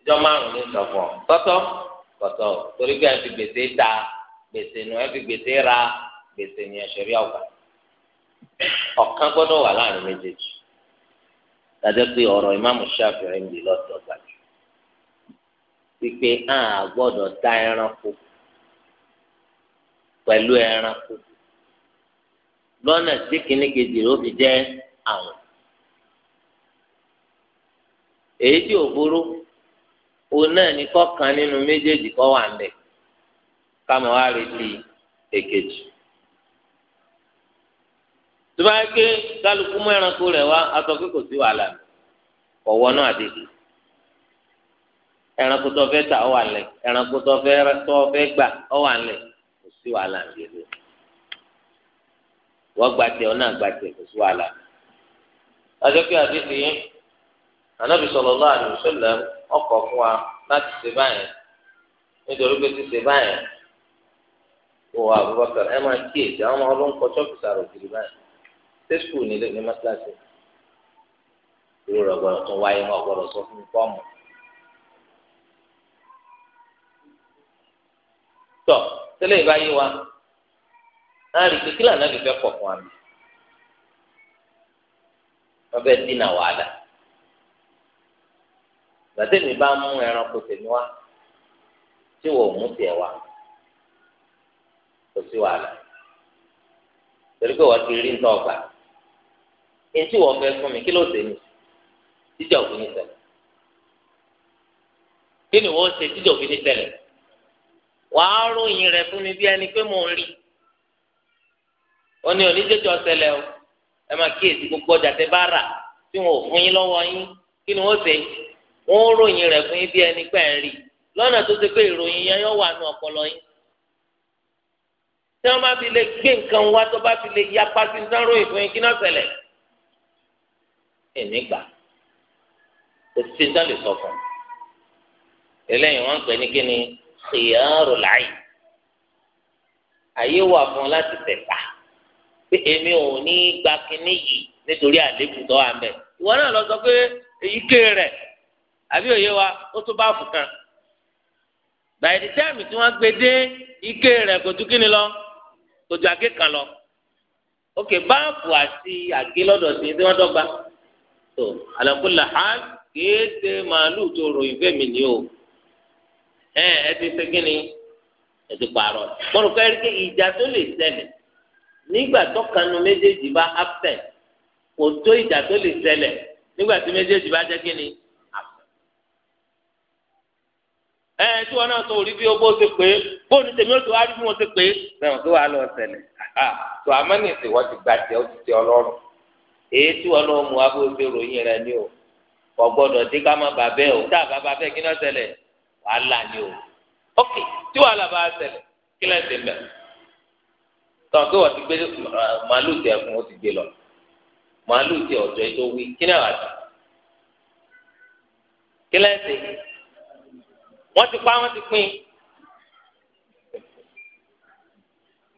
ìjọ márùn ní ìsọfọ tọtọ tọtọ torí pé ẹ fi gbèsè ta gbèsè nu ẹ fi gbèsè ra gbèsè ní ẹsẹ rí ọgbà. ọ̀kan gbọ́dọ̀ wà láàrin méjèèjì dájọ́ pé ọ̀rọ̀ ìmáàmù Ṣáfi'í ń di lọ́dọ̀ gbàjú wípé a gbọ́dọ̀ dá ẹranko pẹ̀lú ẹranko lọ́nà tí kìnnìkejì ló fi jẹ́ àwọn èyí tí ò burú òun náà ní kọ́kan nínú méjèèjì kọ́ wà ń bẹ̀ ká mọ̀ wá èkejì. e bá yẹ pé kálukú mú ẹranko rẹ̀ wá aṣọ si kò sí wàhálà ọwọ́ náà ẹranko tó ọ ẹranko tó fẹ́ tó fẹ́ ọ kò ọ na gba tẹ̀ kò sí wàhálà ọjọ́ pé àdéhùn yẹn ànábì sallallahu alaihi wasallam fún wa láti nítorí pé ti wò Abubakar máa àwọn sẹ́sùkù nílé ní mọ́sálásí irú rẹ̀ gbọ́dọ̀ wáyé wọn gbọ́dọ̀ sọ fún fọ́ọ̀mù. tọ́ tẹ́lẹ̀ ìbáyé wa náà rí kékeré àná lè fẹ́ pọ̀ fún wa etí wọ́n fẹ́ fún mi kí ló ṣe ní jíjà òfin ní ṣẹlẹ̀ kí ni wọ́n ṣe jíjà òfin ní ṣẹlẹ̀ wàá ròyìn rẹ̀ fún mi bí ẹni pé mò ń rí wọ́n ní oníjẹjọ ṣẹlẹ̀ o ẹ máa kíyèsí gbogbo ọjà tẹ́ bá rà tí wọn ò fún yín lọ́wọ́ yín kí ni wọ́n ṣe wọ́n ròyìn rẹ̀ fún yín bí ẹni pé ń rí lọ́nà tó ṣe pé ìròyìn yẹn yóò wà nù ọpọlọ yín tí wọ́n bá fi lè gbé nǹkan wá tó bá fi lè yapa sí sáróyìn fún yín kí náà ṣẹlẹ̀ ẹni gbà òsì tán lè sọ fún un eléyìí wọn ń pè ní kíni xiyaaru láàyè àyè wà fún un láti tẹ̀ka pé èmi ò ní gba kíní yìí nítorí àlékún tó wà ń bẹ ìwọ náà lọ sọ pé èyíké rẹ àbí òye wa ó tún bá fún kan by the tí wọ́n gbé dé ike rẹ̀ kò tún kíni lọ kò ju àgé kan lọ òkè báàpù àti àgé lọ́dọ̀ sí tí wọ́n dọ́gba tó àlàkùlà hàn kéde màálù tó ròyìn fẹ́mi ni o ẹ ẹ ti ṣe kí ni ẹ ti pààrọ̀ mọ̀rọ̀ kẹ́rì kí ìjà tó lè ṣẹlẹ̀ nígbà tọ́kanu méjèèjì bá absent kò tó ìjà tó lè ṣẹlẹ̀ nígbà tí méjèèjì bá jẹ́ kí ni absent. ẹ ẹ tí wọn náà tó rí bí owó ṣe pé bóòlù tèmi ó ti wá rí bí wọn ṣe pé bẹ́ẹ̀ wọn tó wà lọ ṣẹlẹ̀ tó àmọ́ ní ìsìn ti gbà jẹ́ ó ti tẹ ọlọ́run èyí tí wọn náà mú abófin ròyìn rẹ ni o kò gbọdọ̀ dé ká má bà bẹ́ẹ̀ o tá a bá bà bẹ́ẹ̀ kí náà ṣẹlẹ̀ wàhálà ni o ok tí wàhálà bá ṣẹlẹ̀ kí lẹ́ẹ̀ ṣe mẹ́ tọ́ pé wọ́n ti gbé màálù tẹ̀ fún ó ti gbé lọ màálù tẹ̀ ọ̀jọ́ ètò wí kí náà wà sí kí lẹ́ẹ̀ ṣe wọ́n ti pa wọ́n ti pín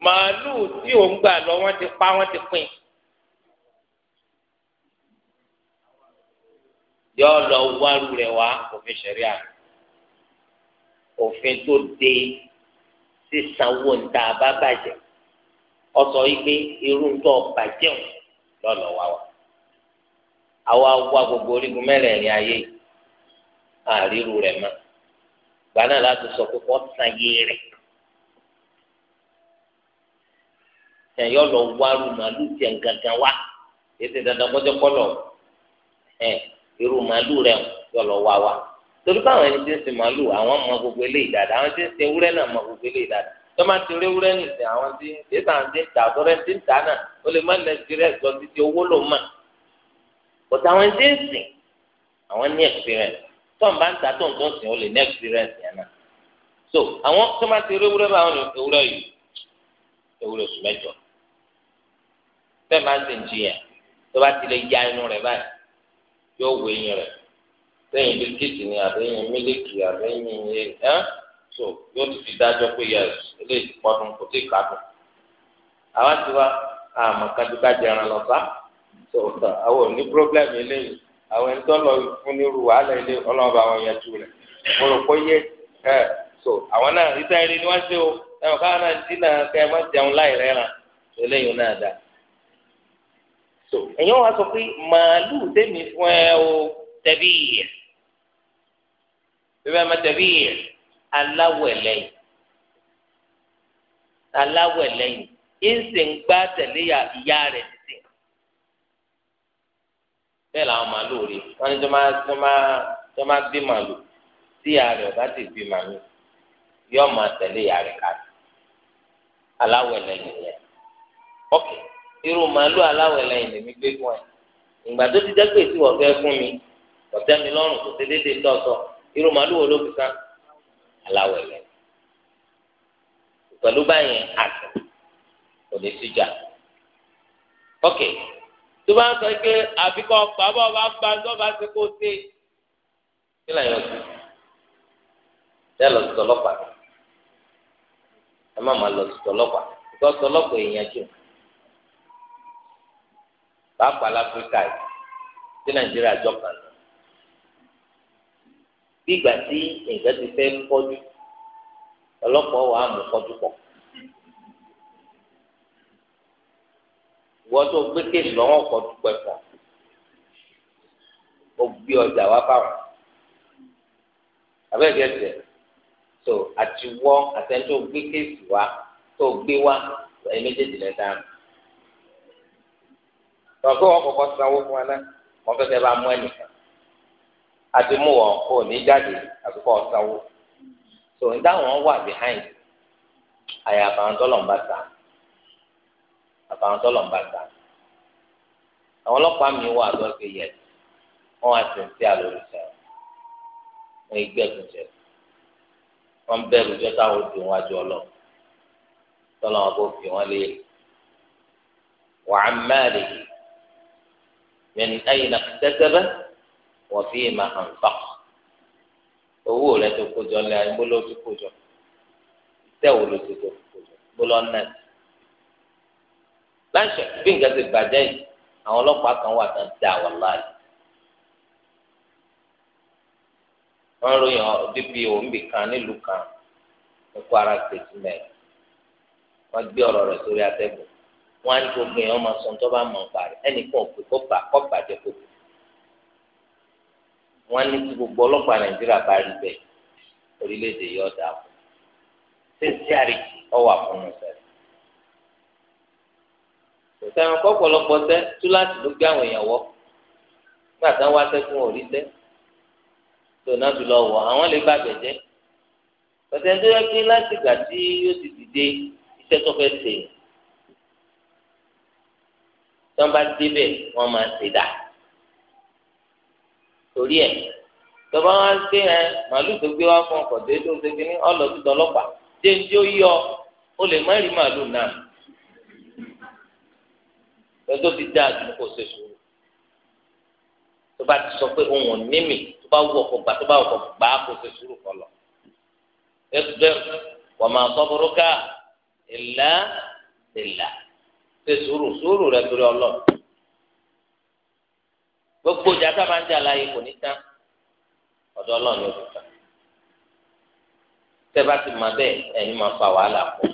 màálù tí òun gbà lọ wọ́n ti pa wọ́n ti pín. yọ lọ wárú rẹ̀ wá òfin ṣẹ̀ríà òfin tó de sísanwó níta bá bàjẹ́ ọsọ yìí pé irú ń tọ́ bàjẹ́ ò lọ́lọ́ wá wa àwa wá gbogbo orígun mẹ́rẹ̀ẹ̀rin ayé àríru rẹ̀ mọ́ gbaná láti sọ pé kọ́ san yé rẹ̀ tẹ̀ yọ lọ wárú màálù tẹ̀ gangan wá ètò ìdandan kọjọ́ kọlọ̀ ẹ̀ irú màálù rẹ̀ yọ lọ wá wa torí báwọn ẹni tí ń sin màálù àwọn mọ gbogbo eléyìí dáadáa àwọn tí ń sin ewúrẹ́ náà mọ gbogbo eléyìí dáadáa tọ́mà ti rí ewúrẹ́ nìsín àwọn tí ń ṣe tàn ti ń tà tọ́rẹ́ ti ń tà náà ó lè má nàìjíríà sọ títí owó ló mà bọ̀tà àwọn tí ń sìn àwọn ní experience tọ́m bá ń ta tó nǹkan sìn ó lè ní experience yẹn náà so àwọn tọ́mà ti rí ewúrẹ́ báwọn ewúrẹ́ yìí ewúrẹ́ oṣù mẹ́jọ bẹ́ẹ̀ máa ń sìn jiyàn tó bá ti lè ya inú rẹ̀ báyìí yóò wé yín rẹ̀ sẹ́yìn bisikíìtì ni àbẹ́yìn mílíkì àbẹ́yìn so yóò ti fi dájọ́ pé yẹ eléyìí pọ́dún kò tí ì kádùn. àwa ti wá àmọ̀ kájúká jẹran lọ so àwọn ò ní eléyìí àwọn ẹni tó lọ fún ní ru wàhálà ilé ọlọ́ọ̀bà àwọn yẹn tu rẹ̀ mo rò pé so èyàn wá sọ pé màálùú tẹ̀mí fún ẹ o tẹ̀bí yẹ bíbẹ́ ma tẹ̀bí yẹ aláwọ̀ ẹlẹ́yìn aláwọ̀ ẹlẹ́yìn ìsè ń gbá tẹ̀lé ìyá rẹ̀ sí bẹ́ẹ̀ làwọn màálùú rí wọ́n ní tó máa bí màálùú tí ìyá rẹ̀ bá ti bí màálùú yóò máa tẹ̀lé ìyá rẹ̀ káàkiri aláwọ̀ ẹlẹ́yìn yẹn ọ̀kẹ́. Okay irú màálù aláwọ̀ ẹlẹ́yìn lèmi gbé fún ẹ ìgbà tó ti jẹ́ pé tí wọ́n fẹ́ fún mi ọ̀tẹ́ mi lọ́rùn kò ṣe déédéé tọ̀tọ̀ irú màálù wo ló fi kán aláwọ̀ ẹlẹ́yìn pẹ̀lú báyìí àgbẹ̀ kò lè síjà ok tó bá ń sọ pé àfikọ́ bàbá ọba gba ń dọ́ba ṣe kó ṣe kí lẹ́yìn ọ̀sẹ̀ tẹ́ lọ sí ọlọ́pàá ẹ má má lọ sí ọlọ́pàá ìkọ́ sọ èèyàn jù pàápàá láfíríkà yìí tí nàìjíríà jọ kàn án bí ìgbà tí nǹkan ti fẹ́ kọjú ọlọ́pàá wà á mú kọjú pọ̀ ìwọ tó gbé kéde lọ́wọ́ kọjú pẹ̀ pọ̀ ó gbé ọjà wá fáwọn abẹ́gẹ́sẹ̀ tó àtiwọ́ àtẹ̀ńtò gbé kéde wá tó gbé wá ẹ̀ẹ́mẹ́jẹ̀dì lẹ́tà tọ́wọ́n pé wọ́n kọ́kọ́ sanwó fún ẹ náà wọ́n fẹ́ kẹ́ bá mú ẹnìkan àti mú wọn kò ní jáde àti kọ́ sanwó tó ń dáhùn wà behind àyàfà àwọn tọ́lọ̀ ń bá ta àfà àwọn tọ́lọ̀ ń bá ta àwọn ọlọ́pàá mi wà lọ́ọ́ fi yẹ wọ́n wá sí sí àlòrìṣà wọ́n gbẹ̀gùn jẹ wọ́n bẹ̀rù jọ táwọn òbí wọn àjọ lọ tọ́lọ̀ wọn kò fi wọn lé wàá mẹ́rin. من أين اكتسبه وفيما أنفقه owó rẹ tó kójọ lẹ ìmúlò tó kójọ ìtẹ̀wò ló ti tó kójọ ìmúlò náà láṣẹ bí nǹkan ti bàjẹ́ yìí àwọn ọlọ́pàá kan wà tán dá wà láàyè wọ́n ròyìn bíbí kan nílùú kan ní Kwara state mẹ́rin wọ́n gbé ọrọ sórí wọn á ní gbogbo èèyàn máa sọ tó bá mọ̀ ń parí ẹnìkan ò pé kó bà kó bàjẹ́ kó kú wọn á ní ti gbogbo ọlọ́pàá nàìjíríà bá rí bẹ́ẹ̀ orílẹ̀-èdè yóò dáa fún un sẹ́ńtíárì ọwọ́ àfọ̀nù sẹ́rẹ̀ sẹ́wọ̀n kọ́ pọ̀lọpọ̀ sẹ́ túláàsì ló gbé àwọn èèyàn wọ́ nígbà tí wọ́n wá sẹ́kùn òrí sẹ́ tó náà ti wọ̀ àwọn lè bàbẹ̀ jẹ́ pẹ̀sẹ̀ yẹ kí láti gbà tí wọ́n bá débẹ̀ wọ́n máa ṣe dà torí ẹ̀ tọ́ba wá ń ṣe ẹ màálùú tó gbé wá fún ọkọ̀ tó tó ń ṣe kínní ọlọ́dún ọlọ́pàá ṣé ń tí ó yọ ó lè má rí màálùú náà lọ́jọ́ ti dáa ju kò ṣe sùúrù tó bá ti sọ pé òun ò ní mi tó bá wù ọkọ̀ gbà tó bá ọkọ̀ gbà kò ṣe sùúrù kọ lọ. ẹ tún bẹ́ẹ̀ wọ́n máa sọ burúkà ìlà ìlà ṣe sùúrù sùúrù rẹ torí ọlọ gbogbo ìjà tá a máa ń jà láàyè kò ní tán ọ̀dọ̀ Ọlọ́run ló ti tán tẹ́ bá ti máa bẹ́ẹ̀ ẹ̀yin máa fa wàhálà fún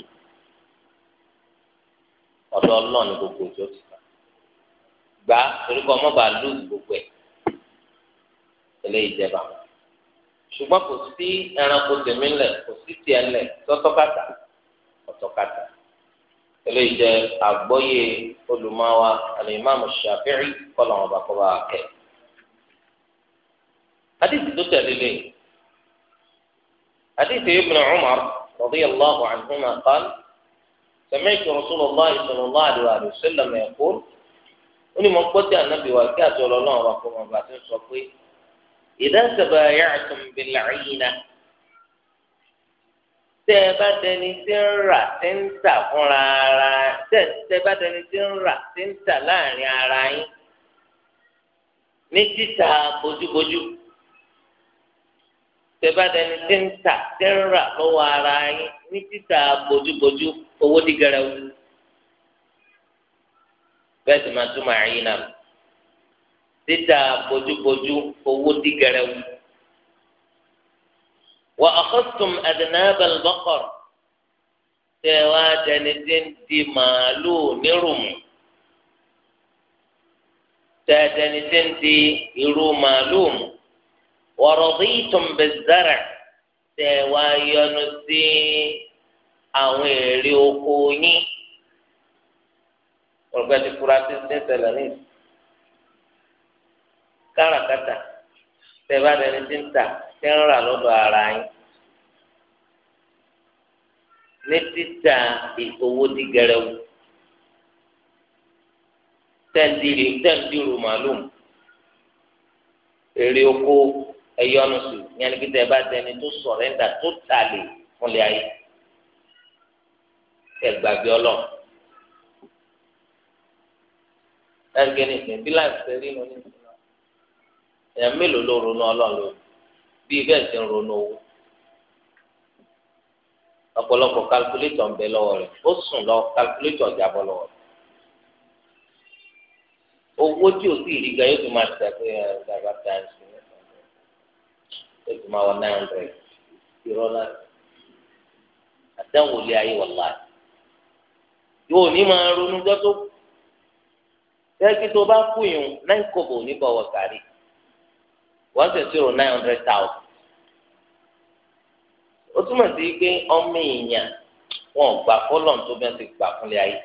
ọ̀dọ̀ Ọlọ́run ní gbogbo ìjọ ti tán gbà torí kọ mọba lóògùn gbogbo ẹ eléyìí jẹba ṣùgbọ́n kò sí ẹranko tèmi lẹ kò sí tiẹ̀ lẹ tọtọ bàtà eléyìí jẹ́ àgbọ́yé olùmọ̀wá alimami shafi'i kọ́lọ̀ ọba kọ́ba kẹ́. hadithi tó tẹ̀lé lé hadithi ibn umar radiyallahu anhuma qal sami'tu rasulullah sallallahu alayhi wa sallam yaqul ó ní mo gbọ́ tí anabi wa kí àti ọlọ́lọ́run ọba kọ́ba ti sọ pé idha tabaya'tum bil'ayna tẹ ẹ bá dẹni tí ń rà tí ń tà fúnra ara tẹ tẹ bá dẹni tí ń rà tí ń tà láàrin ara yín ní títà bójúbójú tẹ bá dẹni tí ń tà tí ń rà lọ́wọ́ ara yín ní títà bójúbójú owó di gẹrẹwu bẹ́ẹ̀ sì máa túmọ̀ àyín náà títà bójúbójú owó di gẹrẹwu wa akhadtum adnab al-baqar tẹ wá dẹni tí ń di màálù nírùmù tẹ dẹni tí ń di irú màálù mu wa raditum biz wá yọ́nú sí àwọn èrè oko yín ọgbẹni fura ti ń ní káràkátà tẹ bá dẹni tí ń ta tẹ́ ń rà lọ́dọ̀ ara yín ní títà owó di gẹrẹwu tẹ́ǹdìrì tẹ́ǹdìrì màlúù èrè oko ẹ̀yọ́nu sí yẹn kí tẹ́ bá tẹni tó sọ̀rẹ́ǹdà tó tàlè fúnlẹ̀ ayé ẹgbàgbé ọlọ́run ẹgbẹ́ nìkan bí láìpẹ́ rí nu ìlú èèyàn mélòó ló ronú ọlọ́run lónìí bíi bẹ́ẹ̀ ti ń ronú owó ọ̀pọ̀lọpọ̀ kalkulétọ̀ ń bẹ lọ́wọ́ rẹ̀ ó sùn lọ kalkulétọ̀ jábọ́ lọ́wọ́ rẹ̀ owó tí o sì rí gan yóò tún máa ṣe àpé ẹ̀ẹ́dàgbà times ní ẹ̀ka yóò tún máa wọ nine hundred irọ́ láti àdánwò lé ayé wà láàyè yóò ní máa ronú gbọ́tò tẹ́kí tó bá kú yùn náà kò bò ní bọ̀wọ̀ kárí wọ́n sì ṣírò nine hundred thousand ó túmọ̀ sí pé ọmọ èèyàn wọn ò gbà fọlọ́n tó bẹ́ẹ̀ ti gbà fúnlé ayé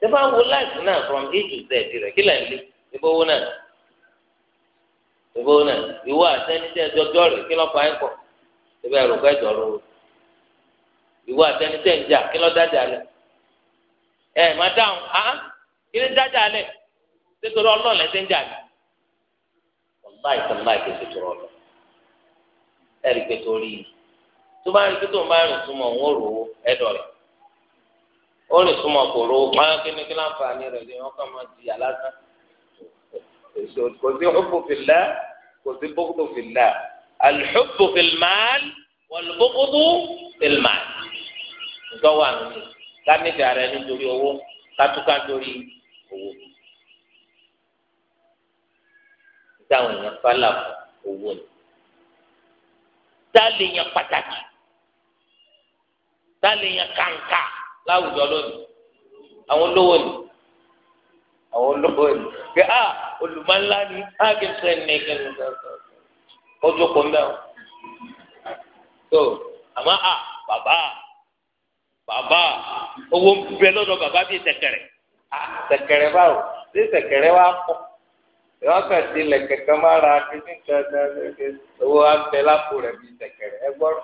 ṣé bá wo láìsí náà from a to z rẹ̀ kí lẹ́yìn lé níbo owó náà níbo owó náà ìwọ àtẹnudẹ jọjọ rẹ̀ kí lọ́ọ́ fà ń pọ̀ síbẹ̀ ẹ̀rọ kẹjọ ló ìwọ àtẹnudẹ ń jà kí lọ́ọ́ dájà lẹ̀ ẹ̀ má dáhùn á kí ló dájà lẹ̀ nítorí ọlọ́ọ̀lẹ́sẹ̀ ń jà ní ọ̀la ìtàn láì kí n ṣe tọrọ lọ ẹ̀rí pé tó rí i tó bá rí pé tó ń bá rìn súnmọ́ òun ò rówó ẹ̀dọ̀ rẹ̀ ó rìn súnmọ́ kò rówó pọ́n kíni kí láǹfààní rẹ̀ lè wọ́n kàn máa di alásán kò sí hubbu fillah kò sí bughdu fillah al-hubbu fil wà nínú ká ara ẹni torí owó ká torí owó níta èèyàn fálà fún owó ni tá a lè yan pàtàkì tá a lè yan kàǹkà láwùjọ lónìí àwọn olówó ni àwọn olówó ni pé a ah, olùmọ̀nlá ni a ah, kì í sẹ́ni ní kí ni ó jókòó mbẹ́ o tó àmọ́ a ah, bàbá bàbá owó ń bẹ lọ́dọ̀ bàbá bíi tẹ̀kẹ̀rẹ̀ a tẹ̀kẹ̀rẹ̀ báwo ṣé tẹ̀kẹ̀rẹ̀ wa kọ́ ìwọ kàn ti lẹ kẹkẹ má ra kíní kankan owó abẹ lápò rẹ bí tẹkẹrẹ ẹ gbọrọ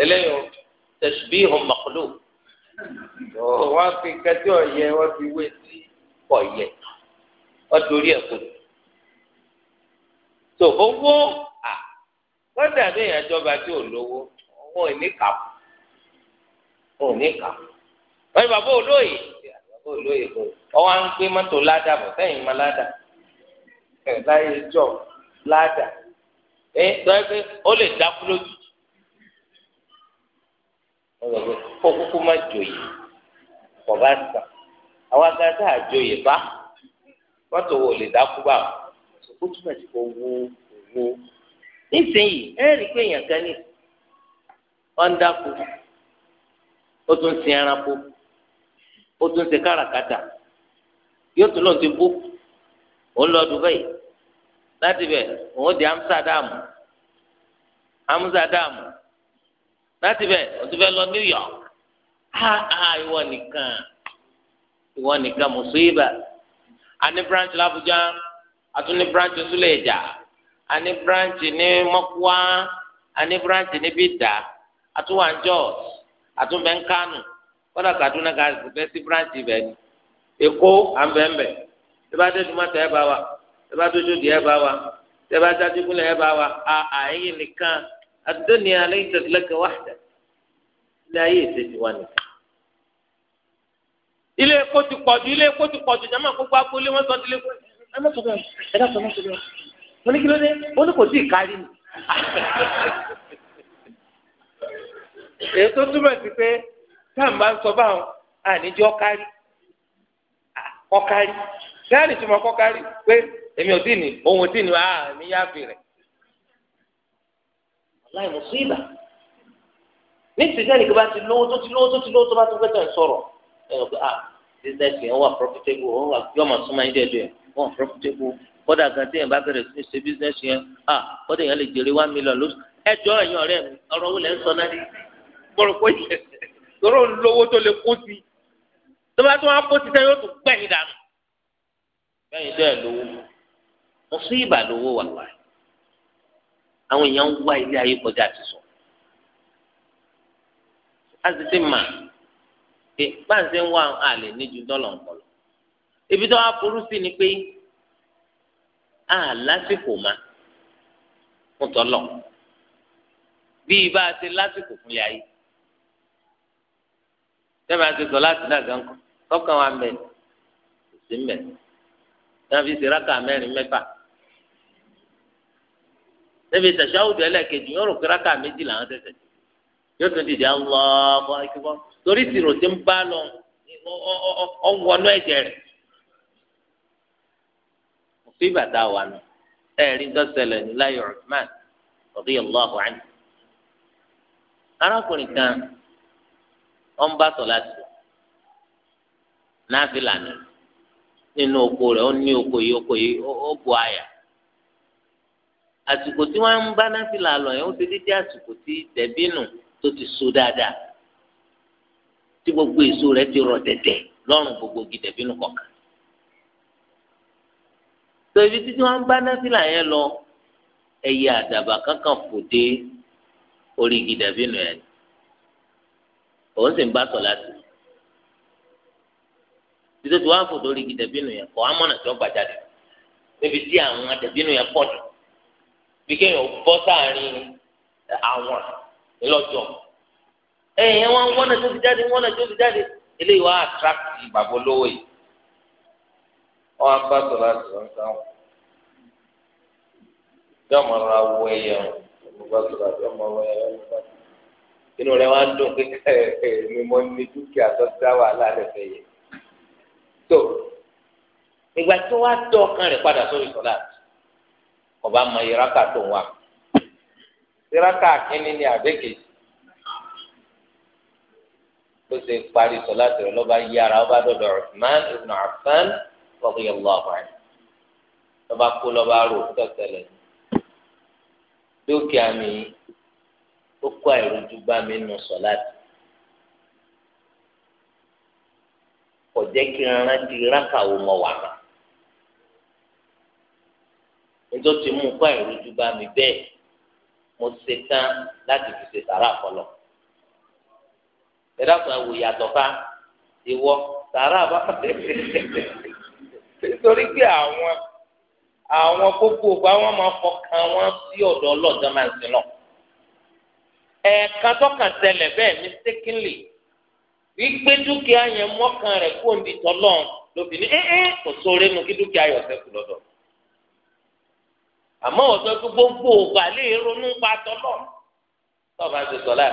eléyìí tẹsibí hàn mọkúlò wọn fi kẹtí ọyẹ wọn fi wé sí ọyẹ wọn torí ẹ kò tó owó à wọn dàbí ìyànjọba tí ò lówó wọn ò ní kàpù wọn ò ní kàpù wọn ni bàbá olóyè bàbá olóyè kò ọwọ à ń gbé mọ́tò ládàbọ sẹ́yìn má ládàbọ ẹ láyé jọ ládàá ẹ tọ́ ẹ pé ó lè dákú lójijì wọ́n sọ pé kó kúkú má jòyè kò bá sà àwọn agadá àjòyè bá wọ́n wò lè dákú bá o túmọ̀ sí kó wo wo nísìnyí ẹ rí i pé èèyàn kan ní wọ́n ń dákú ó tún sin ẹranko ó tún ṣe káràkátà yóò tún lọ́n ti bó òun lọ Dubai láti bẹ̀ òun di Amsterdam Amsterdam láti bẹ̀ òun ti fẹ́ lọ New York ha ha ìwọ nìkan ìwọ nìkan mùsùlùmí a ní branch l'Abuja a tún ní branch Suleja a ní branch ní Mọ́kúá a ní branch ní Bida a tún wà ní Jos a tún bẹ ń Kánò kọ́dà Kaduna ká bẹ́ sí branch bẹ́ẹ̀ ni Èkó à ń bẹ́ẹ̀ bẹ́ẹ̀ tẹ́bá dé tomata ẹ bá wa tẹ́bá dojú di ẹ bá wa tẹ́bá dájúgúnlẹ̀ ẹ bá wa a àyè nìkan àdóníyà lẹ́yìn tẹ̀sílẹ́kẹ̀ wá dẹ̀ ilé ayé ìṣèjì wa nìkan. ilé epo ti pọ̀jù ilé epo ti pọ̀jù jàmọ́ àkókò akólé wọn sọ ilé epo ẹ má sọgbà ẹ dá sọ má sọgbà mo túmọ̀ sí pé táà bá ń sọ báwọn àníjọ́ kárí ọ̀kárí sẹ́ẹ̀rì tí mo kọ́ kárí pé èmi ò dì ní ohun dì ni? àá mi yá fi rẹ̀. aláì mo sún ìbà ní ìsìnkú ẹnì kan bá ti lówó tó ti lówó tó ti lówó tó bá tó gbẹ́tọ̀ sọ̀rọ̀ ẹ̀rọ pé ah business yẹn wà profitable wọ́n wà yọ ọmọ súnmọ́ ẹ̀jẹ̀ dùn wọ́n profitable kódà gan tí yẹn bá bẹ̀rẹ̀ sí ṣe business yẹn ah kódà yẹn lè jèrè one million lóṣù ẹjọ́ ẹ̀yin ọ̀rẹ́ mi ọ̀rọ̀ wo lẹ́ ń sọ náà ní gbọ́dọ̀ yẹ tọ́rọ̀ lówó tó lè kó sí tó bá tó wá kó sí sẹ́yìn ó tún gbẹ̀yìn dànù bẹ́ẹ̀ dẹ́ lówó mùsíbà lówó wà wá àwọn èèyàn ń wá ilé ayé kọjá àti sọ a sì ti mà pé báńsẹ̀ ń wá àlè níjú dọ́là ọ̀pọ̀lọ̀ ibi tó wá burú sí ni pé a lásìkò má fún tọ́lọ̀ bí ibà ṣe lásìkò fúnlẹ̀ ayé tẹ́lẹ̀ àti sọ láti dàgbà ńkọ tọ́kàn wa mẹ́rin kò sí mẹ́rin tàbí siraka mẹ́rin mẹ́fà tẹbi tẹsáwùdù ẹlẹ́ẹ̀kejì yóò rò ka méjì làwọn tẹsẹ yóò torí ń bá lọ ọwọnú òfin bàtà wà nù ẹẹrin dọsẹlẹ ní láyé arákùnrin kan ọ bá sọ láti náà fi lànà. nínú oko rẹ̀ ó ní oko yìí oko yìí ó bu àyà àsìkò tí wọ́n ń bá náfìlà lọ yẹn ó ti dídí àsìkò tí dẹ̀bínù tó ti so dáadáa tí gbogbo èso rẹ̀ ti rọ̀ dẹ̀dẹ̀ lọ́rùn gbogbo igi dẹ̀bínù kọ̀ọ̀kan tó ibi títí wọ́n ń bá náfìlà yẹn lọ ẹyẹ àdàbà kankan fò dé orí igi dẹ̀bínù yẹn òun sì ń bá sọ láti rí títí tí wàá fò lórí igi dẹ̀bínú yẹn kọ́ amọ̀nà tí wọ́n gbà jáde níbi tí àwọn dẹ̀bínú yẹn pọ̀ jù bí kéèyàn bọ́ sáàrin àwọn ńlọ́jọ́ ẹ̀yìn wọn wọ́nà tó fi jáde wọ́nà tó fi jáde eléyìí wàá attract bàbá olówó yìí wọ́n á bá sọ̀rọ̀ àti sọ̀nsán yóò mọ̀ ọ́nà awọ ẹ̀yẹ wọn bá sọ̀rọ̀ àti ọmọ ọmọ ẹ̀yẹ wọn bá inú rẹ̀ wọ́n á dùn kékeré mi mọ́ ní dúkìá tó dá wàhálà rẹ̀ fẹ́ yẹ. tó ìgbà tí wọ́n á ọkàn rẹ̀ padà sórí sọ́lá ọba mọ ìrákà tó wà ìrákà kínní ni àbẹ́kẹ́ ó ṣe parí sọ́lá tẹ̀rẹ̀ lọ́ba yára ọba dọ̀dọ̀ Uthman ibn Affan radiyallahu anhu lọ́ba kó rò dúkìá mi jẹ́ kí n rántí rákàwọ́ mọ̀ wà má nítorí tí mú kọ́ ìrújú bá mi bẹ́ẹ̀ mo ṣe tán láti fi ṣe sàrà fọlọ́ ẹ̀dá kan wò yàtọ̀ bá ìwọ sàrà bá (laughs) nítorí pé àwọn àwọn gbogbo ògbà wọn máa fọkàn wọn sí ọ̀dọ̀ ọlọ́dọ̀ máa ń sin lọ ẹ̀ẹ̀kan tó kàn tẹlẹ̀ bẹ́ẹ̀ mistakenly wípé dúkìá yẹn mọ́kàn rẹ̀ kó ń di tọ́lọ́ lóbi ní ẹ́ẹ́ kò sóore nu kí dúkìá yọ ọ̀sẹ̀ kù lọ́dọ̀ àmọ́ ọ̀sẹ̀ tó gbogbo ògbà lè ronú pa tọ́lọ́ tọ́ba ti sọ láì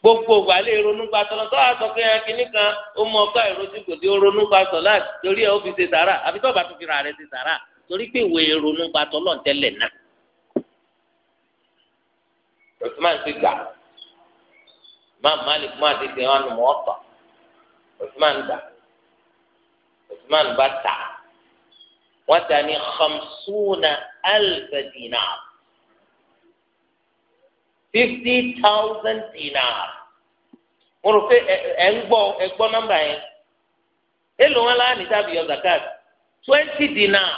gbogbo ògbà lè ronú pa tọ́lọ́ tọ́ba sọ pé ẹran kìíní kan ó mọ ọkọ ìrojú kò dé ó ronú pa sọ láì torí ẹ ó fi ṣe sàrà àbí tọ́ba tó fi ra rẹ̀ ṣe sàrà torí pé ìwé ronú pa tọ́lọ́ tẹ́lẹ̀ náà má malik má ti tẹ̀ wọn mọ̀ ọ́tọ̀ usman gbà usman bá tà wọ́n ta ní khamsuna alfa fifty thousand dinar mo rò pé ẹ ń gbọ́ ẹ gbọ́ nọ́mbà yẹn èlò wọn láàánú tàbí yọ zakat twenty dinar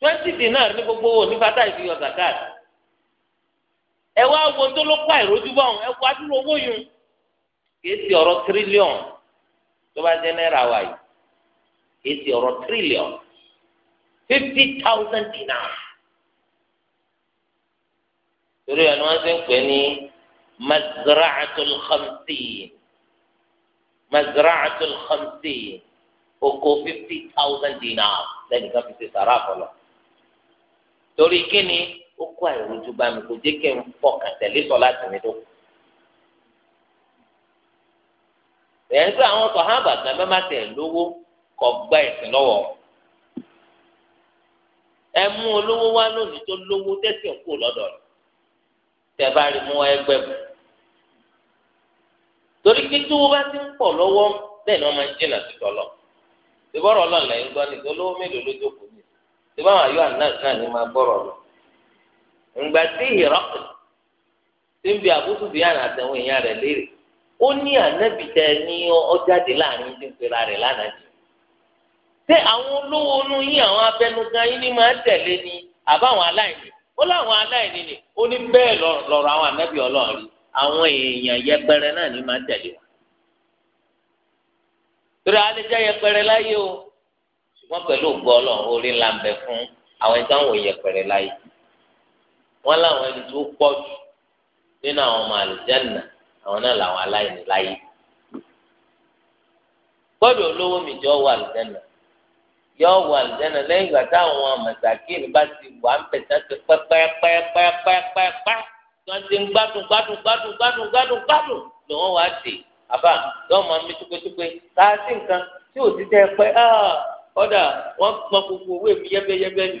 twenty dinar ní gbogbo owó ní bàtà ìfi zakat ẹ wá wo tó ló kọ́ àìrójú bá wọn ẹ wá dúró owó yun kì í ti ọ̀rọ̀ tírílíọ̀n tó bá jẹ́ náírà wa yìí kì í ti ọ̀rọ̀ tírílíọ̀n fifty thousand dinar torí ẹni wọn ti ń pè ní mazra'atul khamsin mazra'atul khamsin oko fifty thousand dinar lẹ́yìn kan fi ṣe sàrà àfọlọ́ torí kíni. ó kó àìrójú bá mi kò jẹ́ kí n tẹ̀lé sọ láti mi tó. àwọn sọ̀ lówó kọ̀ gba ẹ̀sìn lọ́wọ́ ẹ mú olówó wá lónìí tó lówó tẹ̀sí òkú lọ́dọ̀ rẹ̀ tẹ̀ bá rí mú ẹgbẹ́ tí pọ̀ lọ́wọ́ bẹ́ẹ̀ ni wọ́n máa ń sí tọ́lọ̀ ìbọ̀rọ̀ gbọ́ olówó mélòó ló jókòó ìbáwọn àná ìgbà tí ìrọ́pù ti ń bi àbúrò bí àná àtẹ̀wọ̀n èèyàn rẹ̀ léèrè ó ní ànábìtẹ ní ọjáde láàrin tí ń pera rẹ̀ lánàá jù ṣé àwọn olówó inú yín àwọn abẹnugan yín ni máa ń tẹ̀lé ni àbáwọn aláìní ó láwọn aláìní ni ó ní bẹ́ẹ̀ lọ̀rọ̀ àwọn ànábì ọlọ́ọ̀rí àwọn èèyàn yẹpẹrẹ náà ni máa ń tẹ̀lé wọn torí alẹ́ jẹ́ yẹpẹrẹ láyé o ṣùgbọ́n pẹ̀lú ògbọ́ ọlọ́run orí ńlá ń bẹ fún àwọn ìtàn yẹpẹrẹ láyé wọn láwọn ẹni tó pọ̀ jù nínú àwọn ọmọ àlùjánnà àwọn náà làwọn aláìní láyé gbọ́dọ̀ olówó mi jọ wọ àlùjánnà yọ wọ àlùjánnà lẹ́yìn ìgbà táwọn àmọ̀tàkìrì bá ti wà ń bẹ̀ sáté pẹ́pẹ́pẹ́pẹ́pẹ́pẹ́ tí wọ́n ti ń gbádùn gbádùn gbádùn gbádùn gbádùn gbádùn ni wọ́n wá dé àbá yọ máa mi túpétúpé káàsì nǹkan tí ò ti tẹ́ pẹ́ ah, ọ́dà wọ́n gbọ́n gbogbo owó èmi yẹ́bẹ́yẹ́bẹ́ ni.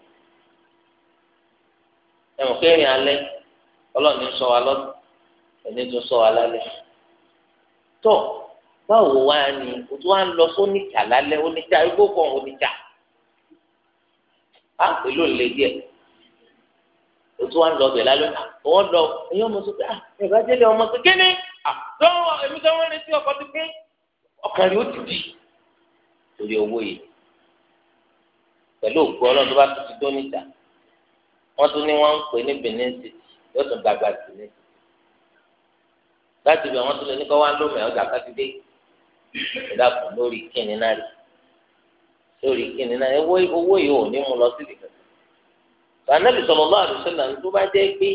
ẹ̀wọ̀n kẹrin alẹ́ ọlọ́ọ̀ni sọ wa lọ́dún ẹni tó sọ wa lálẹ́ tó báwo wá ni o tún wá ń lọ sóníkà lálẹ́ oníkà igbó kan oníkà á pèlú òlè díẹ̀ o tún wá ń lọ bẹ̀ lálẹ́ wọ́n lọ ẹ̀yọ́ ọmọ sọ pé ah ẹ̀rọ ajẹ́lẹ̀ ọmọ pé kíni lọ́wọ́ èmi tó wọ́n retí ọkọ̀ ti pín ọkàn rẹ̀ ó ti di torí owó yìí pẹ̀lú òkú ọlọ́run bá tó ti dóníta wọ́n tún ní wọ́n ń pè ní Benin City yóò tún dàgbà sí ní láti bẹ̀ wọ́n tún lè ní kọ́ wá lómi ọjà kátidé ìdàpọ̀ lórí kíni náà rí lórí kíni náà owó owó yìí ò ní mu lọ sí ìdìbò sànẹ́bí sallallahu alaihi wasallam tó bá jẹ́ pé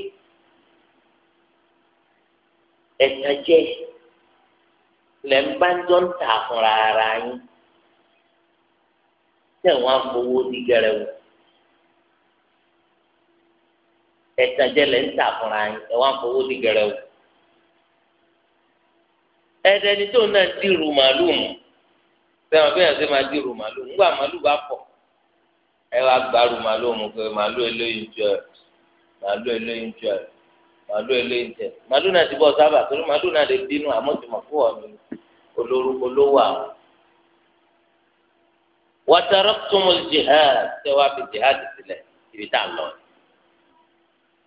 ẹ̀ka jẹ́ lẹ́ ń bá jọ ń tà fúnra ara yín tẹ̀ á fowó ní gẹrẹ́wò. ẹ̀tànjẹ lẹ ń tà fúnra yín ẹ wá ń fowó di gẹrẹ o ẹdẹni tó náà dìrù màlúù mu sẹwọn bí yàtọ̀ máa dìrù màlúù mu nígbà màlúù bá pọ̀ ẹ wá gbàrú màlúù mu pé màlúù eléyìí jẹ màlúù eléyìí jẹ màlúù eléyìí jẹ màlúù náà ti bọ̀ sábà torí màlúù náà lè bínú àmọ́tìmọ̀ fún ọ̀nà olórúkọ ló wà o wàtàrọ́tùmù jihad ṣé wàá fi jihad sílẹ̀ ibi tá a lọ yìí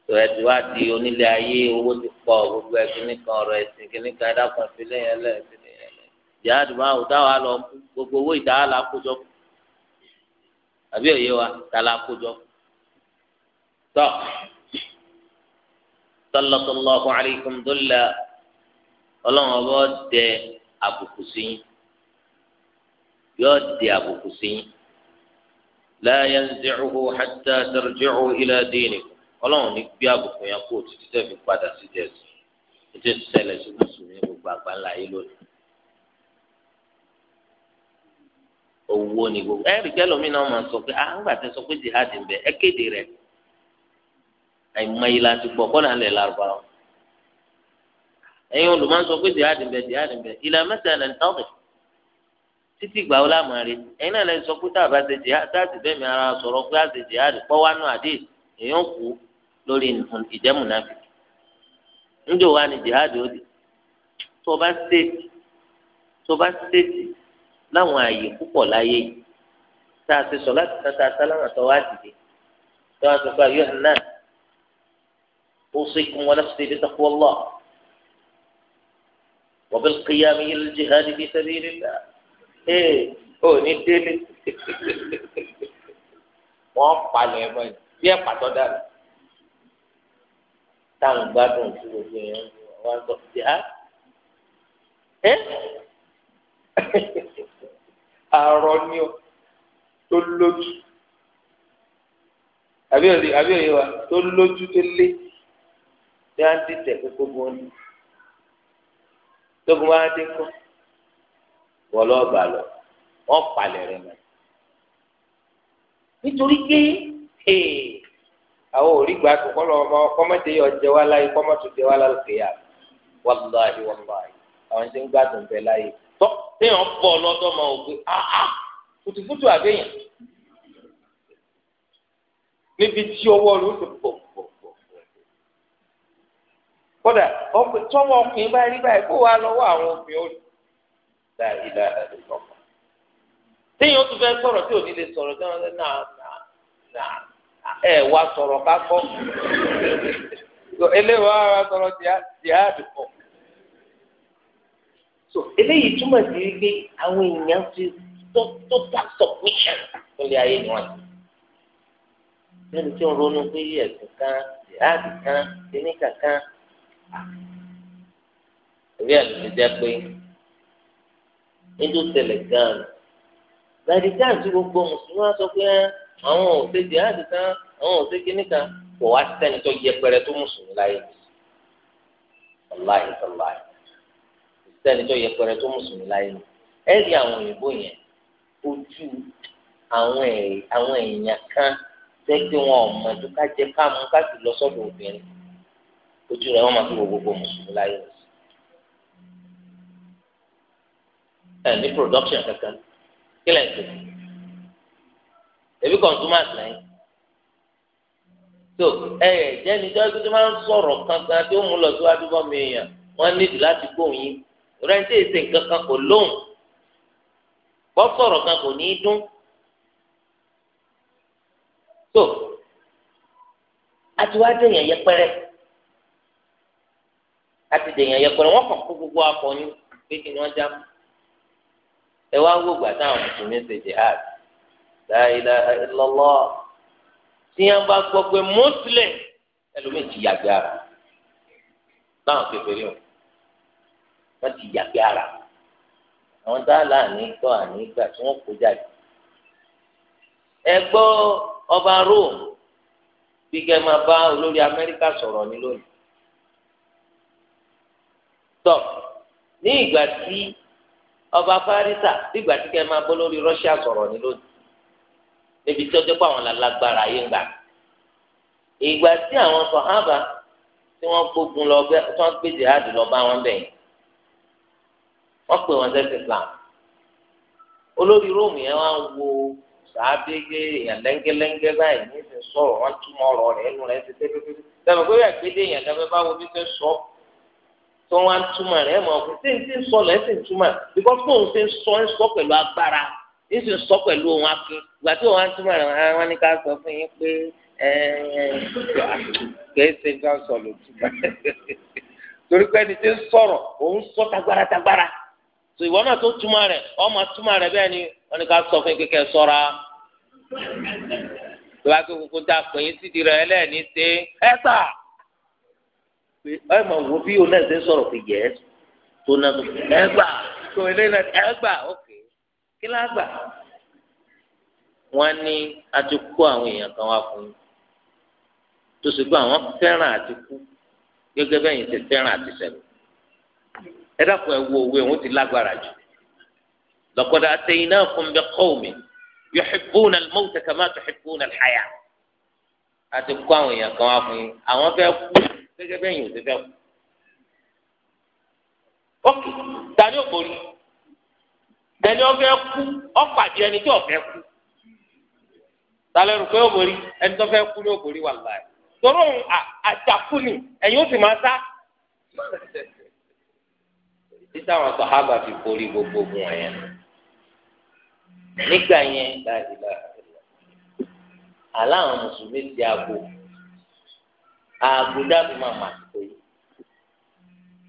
tòwẹ́ ti wá di onílé ayé owó ti pọ̀ gbogbo ẹ̀ kíní kan ọ̀rọ̀ ẹ̀sìn kíní kan ẹ̀dákan sílẹ̀ yẹn lẹ̀ sílẹ̀ yẹn lẹ̀ jihad máa wò táwa lọ gbogbo owó ìdáwà la kó jọ àbí òye wa ta la kó jọ tọ sallallahu alaykum dọ́là ọlọ́run ọba dẹ àbùkù sí yín yóò dẹ àbùkù sí yín la yanzi'uhu hatta tarji'u ila dinikum ọlọ́run ní gbé àbùkù yẹn kó títí tẹ̀ fi padà sí jẹ̀sì ètò ìṣẹ̀lẹ̀ sí mùsùlùmí gbogbo àgbáńlá yìí lónìí. owó ni gbogbo ẹ̀rí kẹlòmínà máa sọ pé ah ńgbà tẹ sọ pé jihad ń bẹ ẹ kéde rẹ àìmọye la ti gbọ́ kọ́nà lẹ̀ lárúbáwá ẹ̀yin olùmọ̀ sọ pé jihad ń bẹ jihad ń bẹ ìlà mẹ́ta lẹ̀ ń tọ́kì títí gbà ó láàmú àárẹ̀ ẹ̀yin náà lẹ̀ sọ pé tá a bá ṣe jihad tá a ti bẹ́ẹ̀ mi ara sọ̀rọ̀ pé a ṣe jihad pọ́wánú àdéhùn èèyàn kú lórí ìjẹ́múnáfi ńjọ wa ni jihad odi tó bá ṣètì tó bá ṣètì láwọn ààyè púpọ̀ láyé tá a ti sọ láti tata sálámà tó wá dìde tó wá sọ pé ayé hànà ó sì kún wọn láti Allah wa bil qiyami ila al-jihad fi ee ní délé (laughs) wọn palẹ̀ mọ́ ẹ bí pàtó táwọn gbádùn sí gbogbo yẹn wọn sọ sí á ẹ àrọ ni ó tó lójú àbí òye àbí òye wa tó lójú tó lé tí wọn ti tẹ kókó gbóni tókun wá dé kó wọlé ọba lọ wọn palẹ̀ rẹ̀ mọ́ nítorí pé ee. àwọn òrìgbà tó ọmọ lọ́wọ́ máa kọ́mọ́tẹ́ yọ jẹ wá láyé kọ́mọ́tẹ́ wá yá àwọn tí ń gbádùn láyé tọ́ téèyàn bọ̀ lọ́dọ̀ máa wò áá níbi tí owó rẹ̀ ó ti pọ̀ pọ̀ pọ̀ kódà ọkùnrin bá rí báyìí kó wàá lọ́wọ́ àwọn obìnrin ó ẹ wá sọ̀rọ̀ ká kọ́ eléyìí wá wá sọ̀rọ̀ jihadi kọ́. so eléyìí túmọ̀ sí wípé àwọn èèyàn ti total submission lórí ayé ni wọ́n ti lẹ́nu tí ń ronú pé ẹ̀sìn kan jihadi kan kíníkà kan ìwé ẹ̀ ló jẹ́ pé nítorí tẹ̀lẹ̀ gan-an gbàdí gbogbo mùsùlùmí wá sọ pé àwọn ò ṣe jihadi kan àwọn ò ṣe kíní kan kò wá sẹ́ni tó yẹpẹrẹ tó mùsùlùmí láyé ọláyé ọláyé sẹ́ni tó yẹpẹrẹ tó mùsùlùmí láyé ẹ rí àwọn òyìnbó yẹn ojú àwọn èèyàn kan tẹ́gbẹ́ wọn ọ̀mọ tó ká jẹ káàmú ká sì lọ sọ́dọ̀ obìnrin ojú rẹ̀ wọ́n máa fi wo gbogbo mùsùlùmí láyé ẹ̀ ní production kankan kílẹ̀ ń tẹ̀lé èmi consumers lẹ́yìn so ẹ ẹ jẹ́ níjọ́ ibi tó máa ń sọ̀rọ̀ kankan tó mú lọ síwájú bọ́ mi èèyàn wọ́n nídìí láti gbóhùn yín rẹ́ńtì èsì nǹkan kan kò lóhùn bọ́ sọ̀rọ̀ kan kò ní í dún so àti wá dèèyàn yẹpẹrẹ àti dèèyàn yẹpẹrẹ wọ́n kàn kó gbogbo akọni pé kí ni wọ́n já ẹ wá wò gbà táwọn mùsùlùmí ṣe jihad la ilaha tí wọn bá gbọ́ pé ẹlòmíì ti yàgbé ara báwọn kékeré o wọn ti yàgbé ara àwọn tá a là ní tọ́ àní gbà tí ẹ ọba Rome bí kẹ́ máa bá olórí Amẹ́ríkà sọ̀rọ̀ ní lónìí tọ́ ní tí ọba bí ìgbà tí máa bọ́ lórí Rọ́ṣíà sọ̀rọ̀ ní lónìí. níbi tí ọjọ́ pé àwọn lálágbára ayé ń gbà. ìgbà tí àwọn sọ̀hábà tí wọ́n gbógun lọ bẹ́ tí wọ́n gbé jihadi lọ bá wọn bẹ̀ yẹn wọ́n pè wọ́n sẹ́sì Islam. olórí róòmù yẹn wá ń wo sàábége èèyàn lẹ́ngẹ́lẹ́ngẹ́ báyìí ní ti sọ̀rọ̀ wọ́n túmọ̀ ọ̀rọ̀ rẹ̀ ẹnu rẹ̀ ti tẹ́tẹ́tẹ́ tẹ́lẹ̀ pé wíwà gbédè èèyàn lẹ́fẹ́ báwo bí fẹ́ sọ tó wọ́n á túmọ̀ rẹ̀ mọ̀ pé tí ń tí ń sọ lẹ́sìn túmọ̀ bíkọ́ fóun ti ń sọ ń sọ pẹ̀lú agbára yíṣu sọ pẹ̀lú ohun akin ìgbà tí òun á túmọ̀ ká sọ fún yín pé kìí ṣe ká sọ lòtúmọ̀ (laughs) torí pé ẹni tí ń sọ̀rọ̀ òun sọ tagbára tagbára tó ìwọ náà tó túmọ̀ rẹ̀ ọmọ túmọ̀ rẹ̀ bẹ́ẹ̀ ni wọ́n ní ká sọ fún yín kékeré sọ́ra tó tó kókó tá a pè sídìí rẹ̀ ẹlẹ́ẹ̀ni ṣe ẹ kí la gbà wọn ní a ti kó àwọn èèyàn kan wá fún yín tó sì gbọ́ àwọn fẹ́ràn àti kú gẹ́gẹ́ bẹ́ẹ̀ yẹn ti fẹ́ràn àti sẹ̀lẹ̀ ẹ dákun ẹ wo òwe òun ti lágbára jù laqad ataynakum biqawmin yuhibbuna al-mawta kama tuhibbuna al-hayah àti kó àwọn èèyàn kan wá fún yín àwọn fẹ́ kú gẹ́gẹ́ bẹ́ẹ̀ ti fẹ́ kú. ókè tani ò borí ẹni ọfẹ kú ọpàdé ẹni tí ọfẹ kú talẹnu pé ó borí ẹni tó fẹ́ kú ní ó borí wà láàyè tọrọ àjàkúni ẹ̀yin ó sì máa sá títí àwọn sàhábà fi borí gbogbo ogun wọn yẹn nígbà yẹn dáadéla aláwọn mùsùlùmí ti àgbo àgbo dábì máa mà tó yìí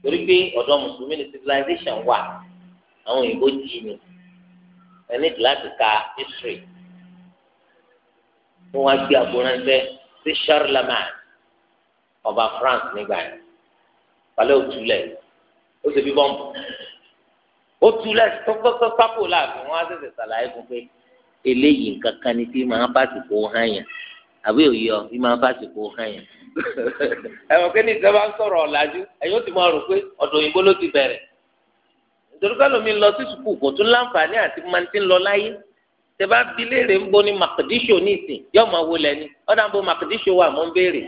torí pé ọ̀dọ̀ mùsùlùmí ni civilization wà àwọn òyìnbó jí ni ẹni láti ka history wọn wá gbé àgbọ̀nránṣẹ́ sí charlemagne ọba france nígbà yẹn balẹ̀ òtúlẹ̀ ó ṣe bí bọ́ǹbù ó túlẹ̀ tọ́kọ́tọ́ sápò láàfin wọn á ṣẹ̀ṣẹ̀ ṣàlàyé fún pé eléyìí nǹkan kan ni tí màá bá ti kó hàn yẹn àbí òye ọ bí màá bá ti kó hàn yẹn. ẹ̀wọ̀n kí ni ìjọba ń sọ̀rọ̀ ọ̀làjú ẹ̀yin ó ti mọ ọ̀rùn pé ọ̀dọ̀ òyìnbó ló ti bẹ̀rẹ̀ torúkọ lomi lọ sí sukùl kò tún láǹfààní àti mantí lọ láyé tẹ́bá bi léèrè ń bo ni makadisho ní ìsìn yóò máa wo lẹ́ni ọ̀dà ń bo makadisho wà mọ́ ń béèrè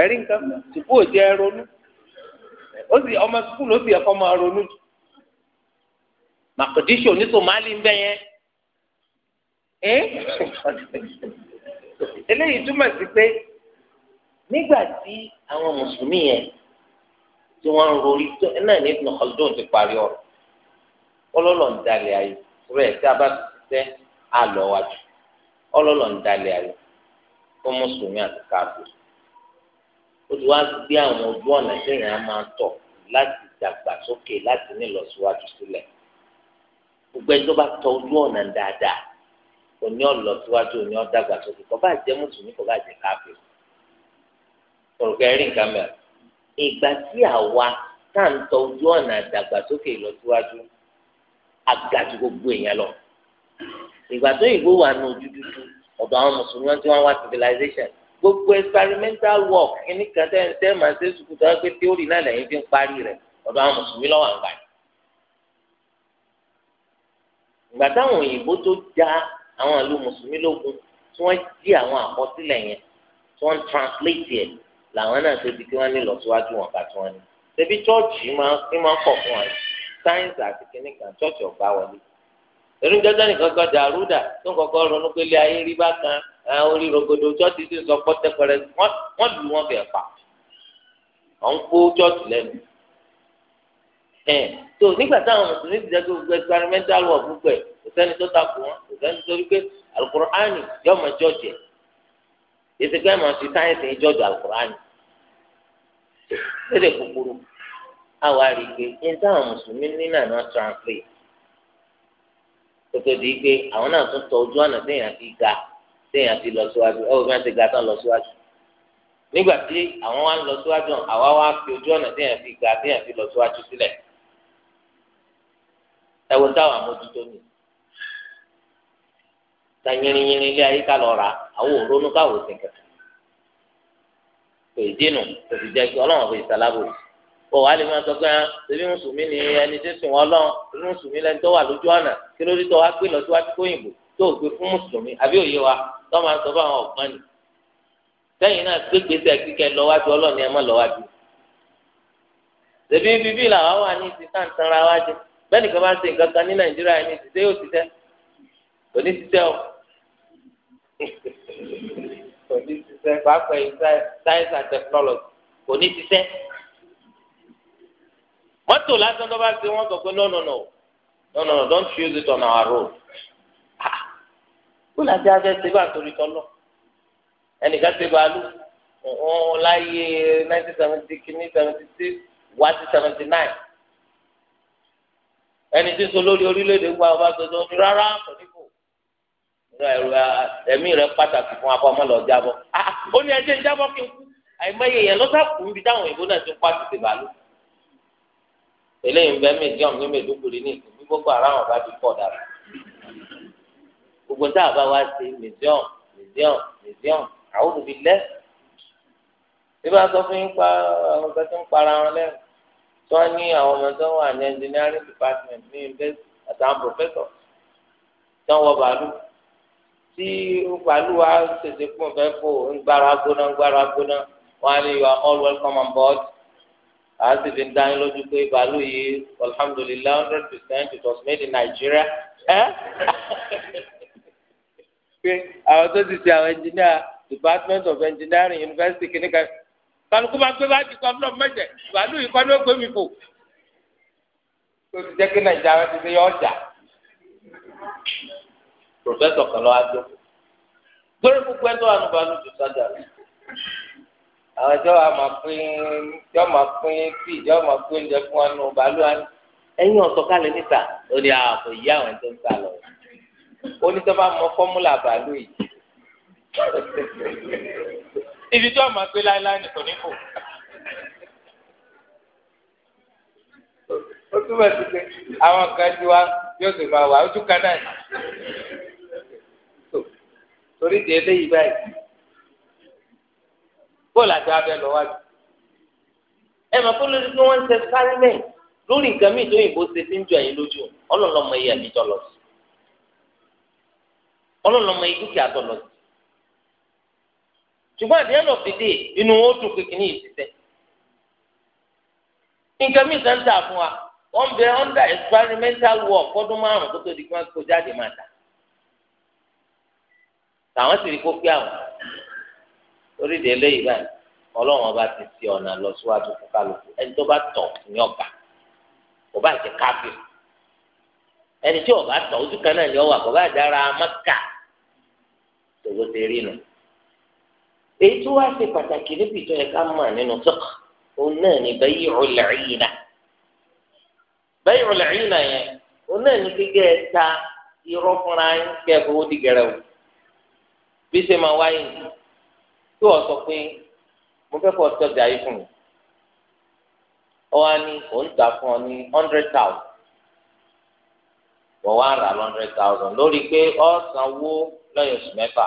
ẹ̀rí nǹkan sukùl ò jẹ́ ronú ó sì ọmọ sukùl ó sì ẹ̀kọ́ máa ronú makadisho ní somali ń bẹ́ yẹn ẹ́ eléyìí túmọ̀ sí pé nígbà tí àwọn mùsùlùmí yẹn tí wọ́n ń rori tó ẹ náà ní Ibn Khaldun ti parí ọ̀rọ̀ ọlọ́lọ́ ń dalẹ̀ ayé rẹ̀ tí a bá tẹ́ àlọ́ wájú ọlọ́lọ́ ń dalẹ̀ ayé fún mùsùlùmí àti káàbù ó ti wá gbé àwọn ojú ọ̀nà téèyàn á máa tọ̀ láti dàgbàsókè láti nílọsíwájú sílẹ̀ gbogbo ẹni bá tọ ojú ọ̀nà dáadáa kò ní ọ̀lọ́síwájú ní ọ̀dàgbàsókè kò bá jẹ́ mùsùlùmí kò bá jẹ́ káàbù kò rò nǹkan mẹ́rin ìgbà tí àwa tá à ń tọ ojú ọ̀nà àdàgbàsókè ìlọsíwájú àgàjù gbogbo èèyàn lọ ìgbà tó ìgbó wà ní ojú dúdú ọ̀dọ̀ àwọn mùsùlùmí tí wọ́n wá civilization gbogbo experimental work ẹni kan tẹ́ ń tẹ́ màá ṣe sùkúù tó wá pé theory náà lẹ́yìn fi ń parí rẹ̀ ọ̀dọ̀ àwọn mùsùlùmí lọ́wọ́ àgbà yìí. ìgbà táwọn òyìnbó tó já àwọn ìlú mùsùlùmí lógun tí wọ́n jí àwọn àkọsílẹ̀ yẹn tí wọ́n translate yẹn làwọn náà ṣe di kí wọ́n ní lọ́síwájú wọn kà tí wọ́n ní. ṣebí chọ́ọ̀chì máa ń máa ń kọ̀ fún wa sáyẹ́ǹsì àti kìnnì kan chọ́ọ̀chì ọ̀gbá wọlé. èmi jẹ́jọ́ nìkan kan dàrúdà tó ń kọ́kọ́ ronú pé ilé ayé rí bákan orí rogodo chọ́ọ̀chì sì ń sọ pọ́tẹ́ pẹrẹ wọ́n lù wọ́n bẹ̀ pa. ọ̀ kó chọ́ọ̀chì lẹ́nu. ẹ̀ tó nígbà táwọn mùsùlùmí ti jẹ́ gbogbo experimental work gbogbo ẹ̀ kò sẹ́ni tó takò wọn kò sẹ́ni tó rí pé ètò ìgbà máa fi sáyẹ̀nsì ìjọ́jọ́ àlùkùránì lédè kúkúrú àwa rí i pé ní táwọn mùsùlùmí ní náà náà translate tòtò di pé àwọn náà tún tọ ojú ọ̀nà téèyàn fi ga téèyàn fi lọ síwájú ẹ wò bí wọ́n ti ga tán lọ síwájú nígbà tí àwọn wa ń lọ síwájú àwa wa fi ojú ọ̀nà téèyàn fi ga téèyàn fi lọ síwájú sílẹ̀ ẹ táwọn àmójútó nìyí. ta nyiri ilé ayé ká lọ ra, àwọn òrónú káwọ sí kẹkẹ kò ìdínú kò jẹ kí fi ìsàlábò ọ wà lè máa sọ pé ẹbí ah, mùsùlùmí ni ẹni tí wọn lọ́n ẹbí mùsùlùmí lẹni tó wà lójú ọ̀nà kí lórí tó wá pé lọ kóyìnbó tó o gbé fún mùsùlùmí àbí òye wa tó máa sọ fún àwọn ọ̀gbọ́n ni sẹ́yìn náà gbégbèsè kíkẹ́ ṣèbí bíbí làwọn wà ní ra wájú bẹ́ẹ̀ nìkan ti tẹ́ òní ṣiṣẹ́ o òní (laughs) ṣiṣẹ́ pàápàá yìí science and technology òní ṣiṣẹ́ mọ́tò lásán tó bá ṣe wọ́n sọ pé no no no no no no don't use it on our road kó làjẹ́ ajẹ́ ṣe bá torí tọ́lọ̀ ẹnìkan ṣe bàálù wọn láyé nineteen seventy kìíní seventy six wá sí seventy nine ẹni tí sọ lórí orílẹ̀-èdè wa ọba tuntun rárá kò ní kó ẹ̀mí rẹ pàtàkì fún akọ ọmọ lọ jábọ̀ ó ní ẹjẹ ń jábọ̀ kí n kú àìmọye yẹn lọ́sà kù níbi táwọn òyìnbó náà ti ń pàtó ti bàálù. eléyìí ń bẹ méjì ọ̀hún ní mẹ́ẹ̀ẹ́dógún ní ìsìn bí gbogbo ara wọn bá ti pọ̀ dára. gbogbo tá a bá wá sí mẹ́síọ̀n mẹ́síọ̀n mẹ́síọ̀n àwọn òbí lẹ́. bí wọ́n sọ fún yín pa àwọn kan tó ń para wọn lẹ́nu tí wọ́n ní àwọn ọmọ tó wà ní engineering department ní university àtàwọn professor tí wọ́n wọ tí pàlúwa tètè fún ọ̀fẹ́ fò ń gbára gbóná ń gbára gbóná wọn á ní you are all welcome on board àá sì fi ń dání lójú pé bàálù yìí alhamdulilayi hundred percent it was made in Nigeria ẹ (laughs) pé àwọn tó ti ṣe àwọn engineer department of engineering university kìnnìkan kálukú máa gbé báàgì kan fúlọ̀ mẹ́jẹ̀ bàálù yìí kọ́ ló gbé mi fò tó ti jẹ́ kí nàìjíríà ti ṣe yọ ọjà pòfẹ́sọ̀ kan lọ́wọ́ adó gbórí gbogbo ẹ̀ tó wà nípa lójú sájà rẹ̀ àwọn ẹjọ́ wa máa pín ẹjọ́ máa pín tí ìjọ́ máa pín oúnjẹ fún wa nù bàálù wa ẹ̀yìn ọ̀sọ̀kalẹ̀ níta ó ní àpò yí àwọn ẹ̀jẹ̀ ń ta lọ ó ní tó bá mọ fọ́múlà bàálù yìí ibi tí wọ́n máa gbé láéláé nìkan nípò. ó túbọ̀ sí pé àwọn kan ti wá yóò sì máa wà ojú kan náà. torí di eléyìí báyìí bóòlù àti abẹ lọ wájú ẹ mọ̀ pé lórí pé wọ́n ń ṣe sárímẹ̀ lórí nǹkan míì tó yìnbó ṣe ti ń jọ ẹ̀yìn lójú ọlọ́lọ́mọ iye àmì tọ́lọ̀ sí ọlọ́lọ́mọ iye dúkìá tọ́lọ̀ sí ṣùgbọ́n àti fìdí fún wa bẹ experimental work fọ́dún márùn-ún tó di kí kó jáde máa tàwọn sì rí kó pé àwọn orílẹ̀ eléyìí báyìí ọlọ́run ọba ti fi ọ̀nà lọ síwájú fún kálukú ẹni tó bá tọ̀ ní ọgbà kò bá jẹ káfíìn ẹni tí ọba tọ̀ ojú kan náà ni ọwà kò bá mọ́kà tòwó ti rí nu. èyí tó wá ṣe pàtàkì níbi ìjọ yẹ ká mọ̀ nínú fiqh òun náà ni bay'ul 'ayna bay'ul 'ayna yẹn òun náà ni gẹ́gẹ́ ta irọ́ fúnra yín kẹ́ ẹ̀ fowó di gẹ̀rẹ́ bí ṣe máa wáyé tí wọ́n sọ pé mo fẹ́ fọ́ tọ́jà yìí fún mi ọ wá ní òun tà fún ọ ní hundred thousand wọ́n wá rà hundred thousand lórí pé ọ sanwó lẹ́yìn oṣù mẹ́fà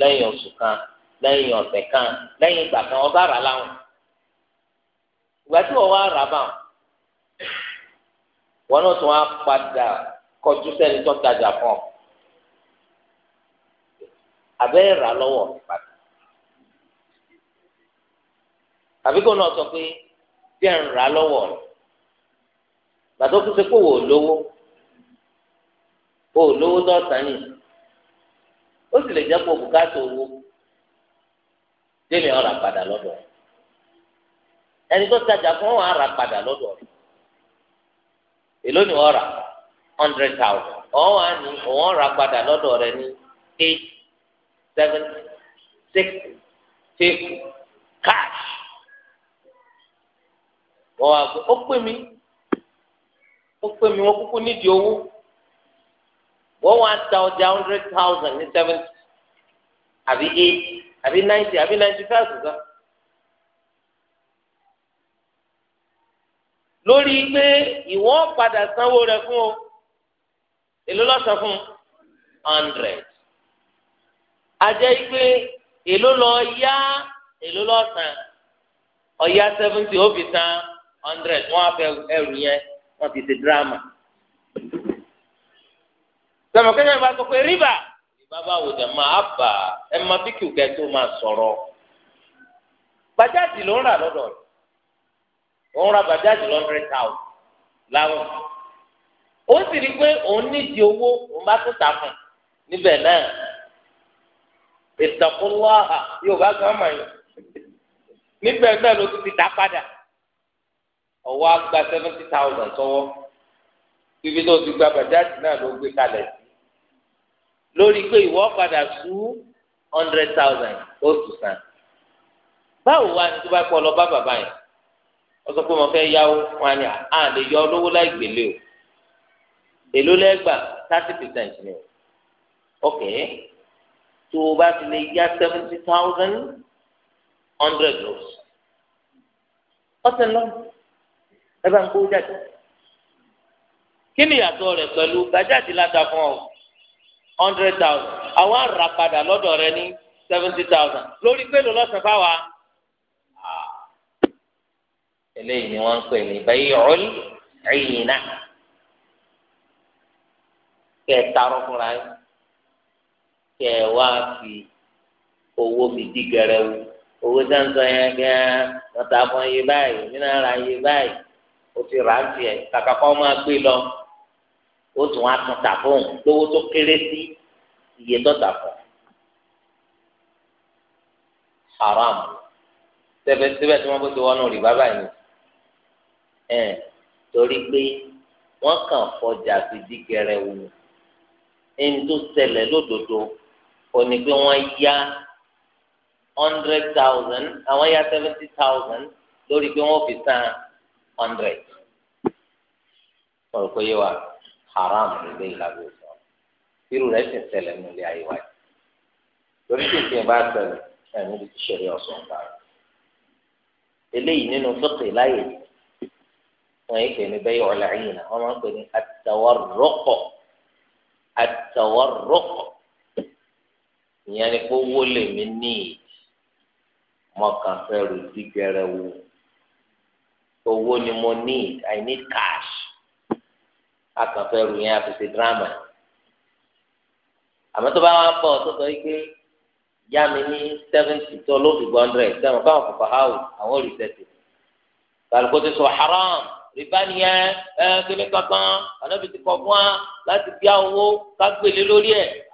lẹ́yìn oṣù kan lẹ́yìn ọ̀sẹ̀ kan lẹ́yìn ìgbà kan ọba rà láwọn ìgbà tí wọ́n wá rà báwọn wọn náà tún wá padà kọjú sẹ́ni tó tajà fún ọ abẹ́ ra lọ́wọ́ padà àbí kò náà sọ pé tí ń rà lọ́wọ́ rẹ̀ gbàtó kó wò lówó kó lówó tó yìí ó sì lè jẹ́ kó bùkátà owó délé ọ̀rà padà lọ́dọ̀ ẹni tó tajà fún wọn padà lọ́dọ̀ rẹ̀ èló ni ọ̀rà hundred Seven, six, fifty cash wọ́n wá pé ó pè mí ó pè mí wọ́n kúkú nídìí owó wọ́n wá ta ọjà hundred thousand ní seventy àbí eighty àbí ninety àbí ninety five gan. lórí pé ìwọ́n padà sanwó rẹ̀ fún o èló lọ́sàn fún hundred ajẹ́ pé èló lọ yá èló lọ san ọ̀yá seventy ó fi san hundred wọ́n á fẹ́ ẹrù yẹn wọ́n fi ṣe dírámà. sọ̀rọ̀ kẹ́kẹ́ ìbá sọ pé rìbá ìbá bá wò jẹ́ máa bà ẹ máa bí kìí kẹ́ tó máa sọ̀rọ̀ bàjáàjì ló ń rà lọ́dọ̀ rẹ̀ ó ń ra bàjáàjì lọ́ndrẹ́d táwọn láwọn ó sì rí i pé òun nídìí owó òun bá tó ta fún un níbẹ̀ náà ìtàkùnláhà yóò bá gan mọ̀ yín níbẹ̀ náà ló ti dá padà ọwọ́ agba seventy thousand sọ́wọ́ ibi tó ti gba bàjáde náà ló gbé kalẹ̀ sí lórí pé ìwọ padà sú hundred thousand ó tù sàn báwo wá ní tó bá pọ̀ lọ bá bàbá yẹn wọ́n sọ pé mo fẹ́ yáwó wọn ni à lè yọ olówó láì gbélé o èló lẹ́gbàá thirty percent ni o ok tó o bá fi lè yá seventy thousand hundred dollars ọ̀sẹ̀ lọ ẹ bá ń kó jáde kí ni ìyàtọ̀ rẹ̀ pẹ̀lú gbàjáde láta fún ọ hundred thousand àwọn àrà padà lọ́dọ̀ rẹ ní seventy thousand lórí pẹ̀lú lọ́sàn-án fáwa ah. eléyìí ni wọ́n ń pè ní bẹ́ẹ̀ ọ̀l ẹ̀yìn náà kẹ́ tarọ́ fúnra yín kẹ ẹ wá fi owó mi di gẹrẹwu owó sáńsọ yẹn gẹ́gẹ́ lọ́tà fún iye báyìí nínú ara iye báyìí o ti rà á tiẹ̀ kàkà kọ́ máa gbé lọ o tún wá tún tà fún un tó kéré sí iye tó fún haram síbẹ̀síbẹ̀ tí wọ́n bó ti wọnú rí bàbá yìí ẹ̀ torí pé wọ́n kàn fọjà fi di gẹrẹwu ẹni tó ṣẹlẹ̀ lódodo òní pé wọ́n yá hundred thousand àwọn yá seventy thousand lórí pé wọ́n fi san hundred ọ̀rọ̀ pé yé wa haram nílé ìlànà ìsọ̀ irú rẹ̀ sì ń ṣẹlẹ̀ nílé ayé wa lórí tí ìsìn bá ṣẹlẹ̀ ẹ̀mí ti ti ṣẹlẹ̀ ọ̀sán gbà eléyìí nínú fíkì láyè wọn yìí pè ní bẹ́ẹ̀ ọ̀làyìn náà wọ́n máa ń pè ní àtàwárọ́kọ̀ àtàwárọ́kọ̀ ìyẹn ni pé owó lèmi ní mọ̀kàn fẹ́rù dígẹrẹ wo owó ni mo need i need cash akànfẹ́rù yẹn a fi ṣe drama àmọ́ tó bá wà pọ̀ tó sọ yìí pé yá mi ní seventy tó ló fi gbọ́ hundred sẹ́wọ̀n báwọn kò fà á o àwọn ò rí ti sọ haram rìbá nìyẹn ẹ kíní kankan ànábi ti kọ fún wa láti bí owó ká gbélé lórí ẹ̀.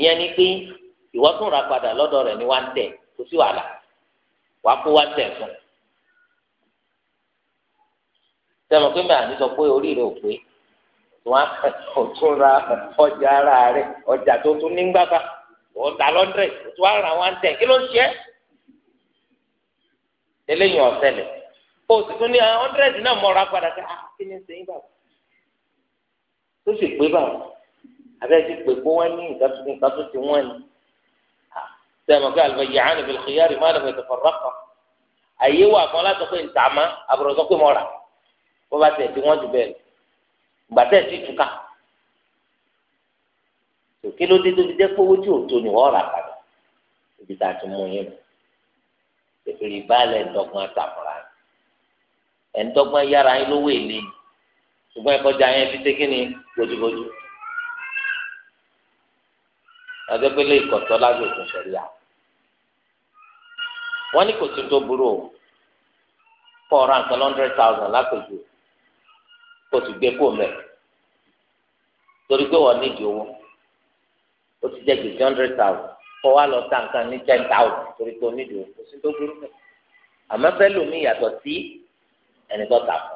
ìyẹn ni pé ìwọ tún ra padà lọ́dọ̀ rẹ̀ ní wá ń tẹ̀ kò sí wàhálà wà á kó wá tẹ̀ fún un. sẹ́mi pé màá ní sọ pé orí rẹ̀ ò pé wọ́n á tún ra ọjà ara rẹ̀ ọjà tó tún ní gbàgbà ọ̀tà lọ́dẹ̀ tó wá ra wá ń tẹ̀ kí ló ń ṣe é. eléyìí ọ̀sẹ̀lẹ̀ o sì tún ní hundred náà mọ̀ra padà sí ah, kí ni ṣe ń bàbá tó sì pé bàbá abẹ́ẹ̀sì pé kó wọ́n ní nǹkan tó ti wọ́n ni sẹ́mi pé àlùfẹ́ yìí àánú bìlì xiyárì má lọ́fẹ̀ẹ́ tó fọ́nrọ́ kan àyè wà fún láti pé ntàmá àbúrò sọ pé mo rà bó bá tẹ̀ tí wọ́n ju bẹ́ẹ̀ lọ gbàtẹ́ ti túká òkè ló dé tó ti jẹ́ pé tí ò tó ni wọ́n rà padà ibi tá a ti mú yín lọ èfèrè ìbálẹ̀ ẹ̀ ńdọ́gbọ́n yára adégbélé ìkọ̀tọ́ lágbègbè sẹ̀ríà wọ́n ní kò tún tó burú o four hundred hundred thousand lápèjì kò tún gbé kó mẹ́ torí pé wọ́n nídìí owó ó ti jẹ́ gbèsè hundred thousand kọ́ wa lọ ta nǹkan ní ten thousand torí pé onídìí owó kò tún tó burú mẹ́ àmọ́ bẹ́ẹ̀ lómi yàtọ̀ sí ẹnìkan tà fún.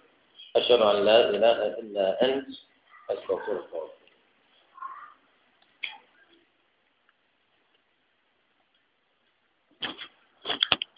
أشهد أن لا إله إلا أنت أستغفرك وأتوب Thank you.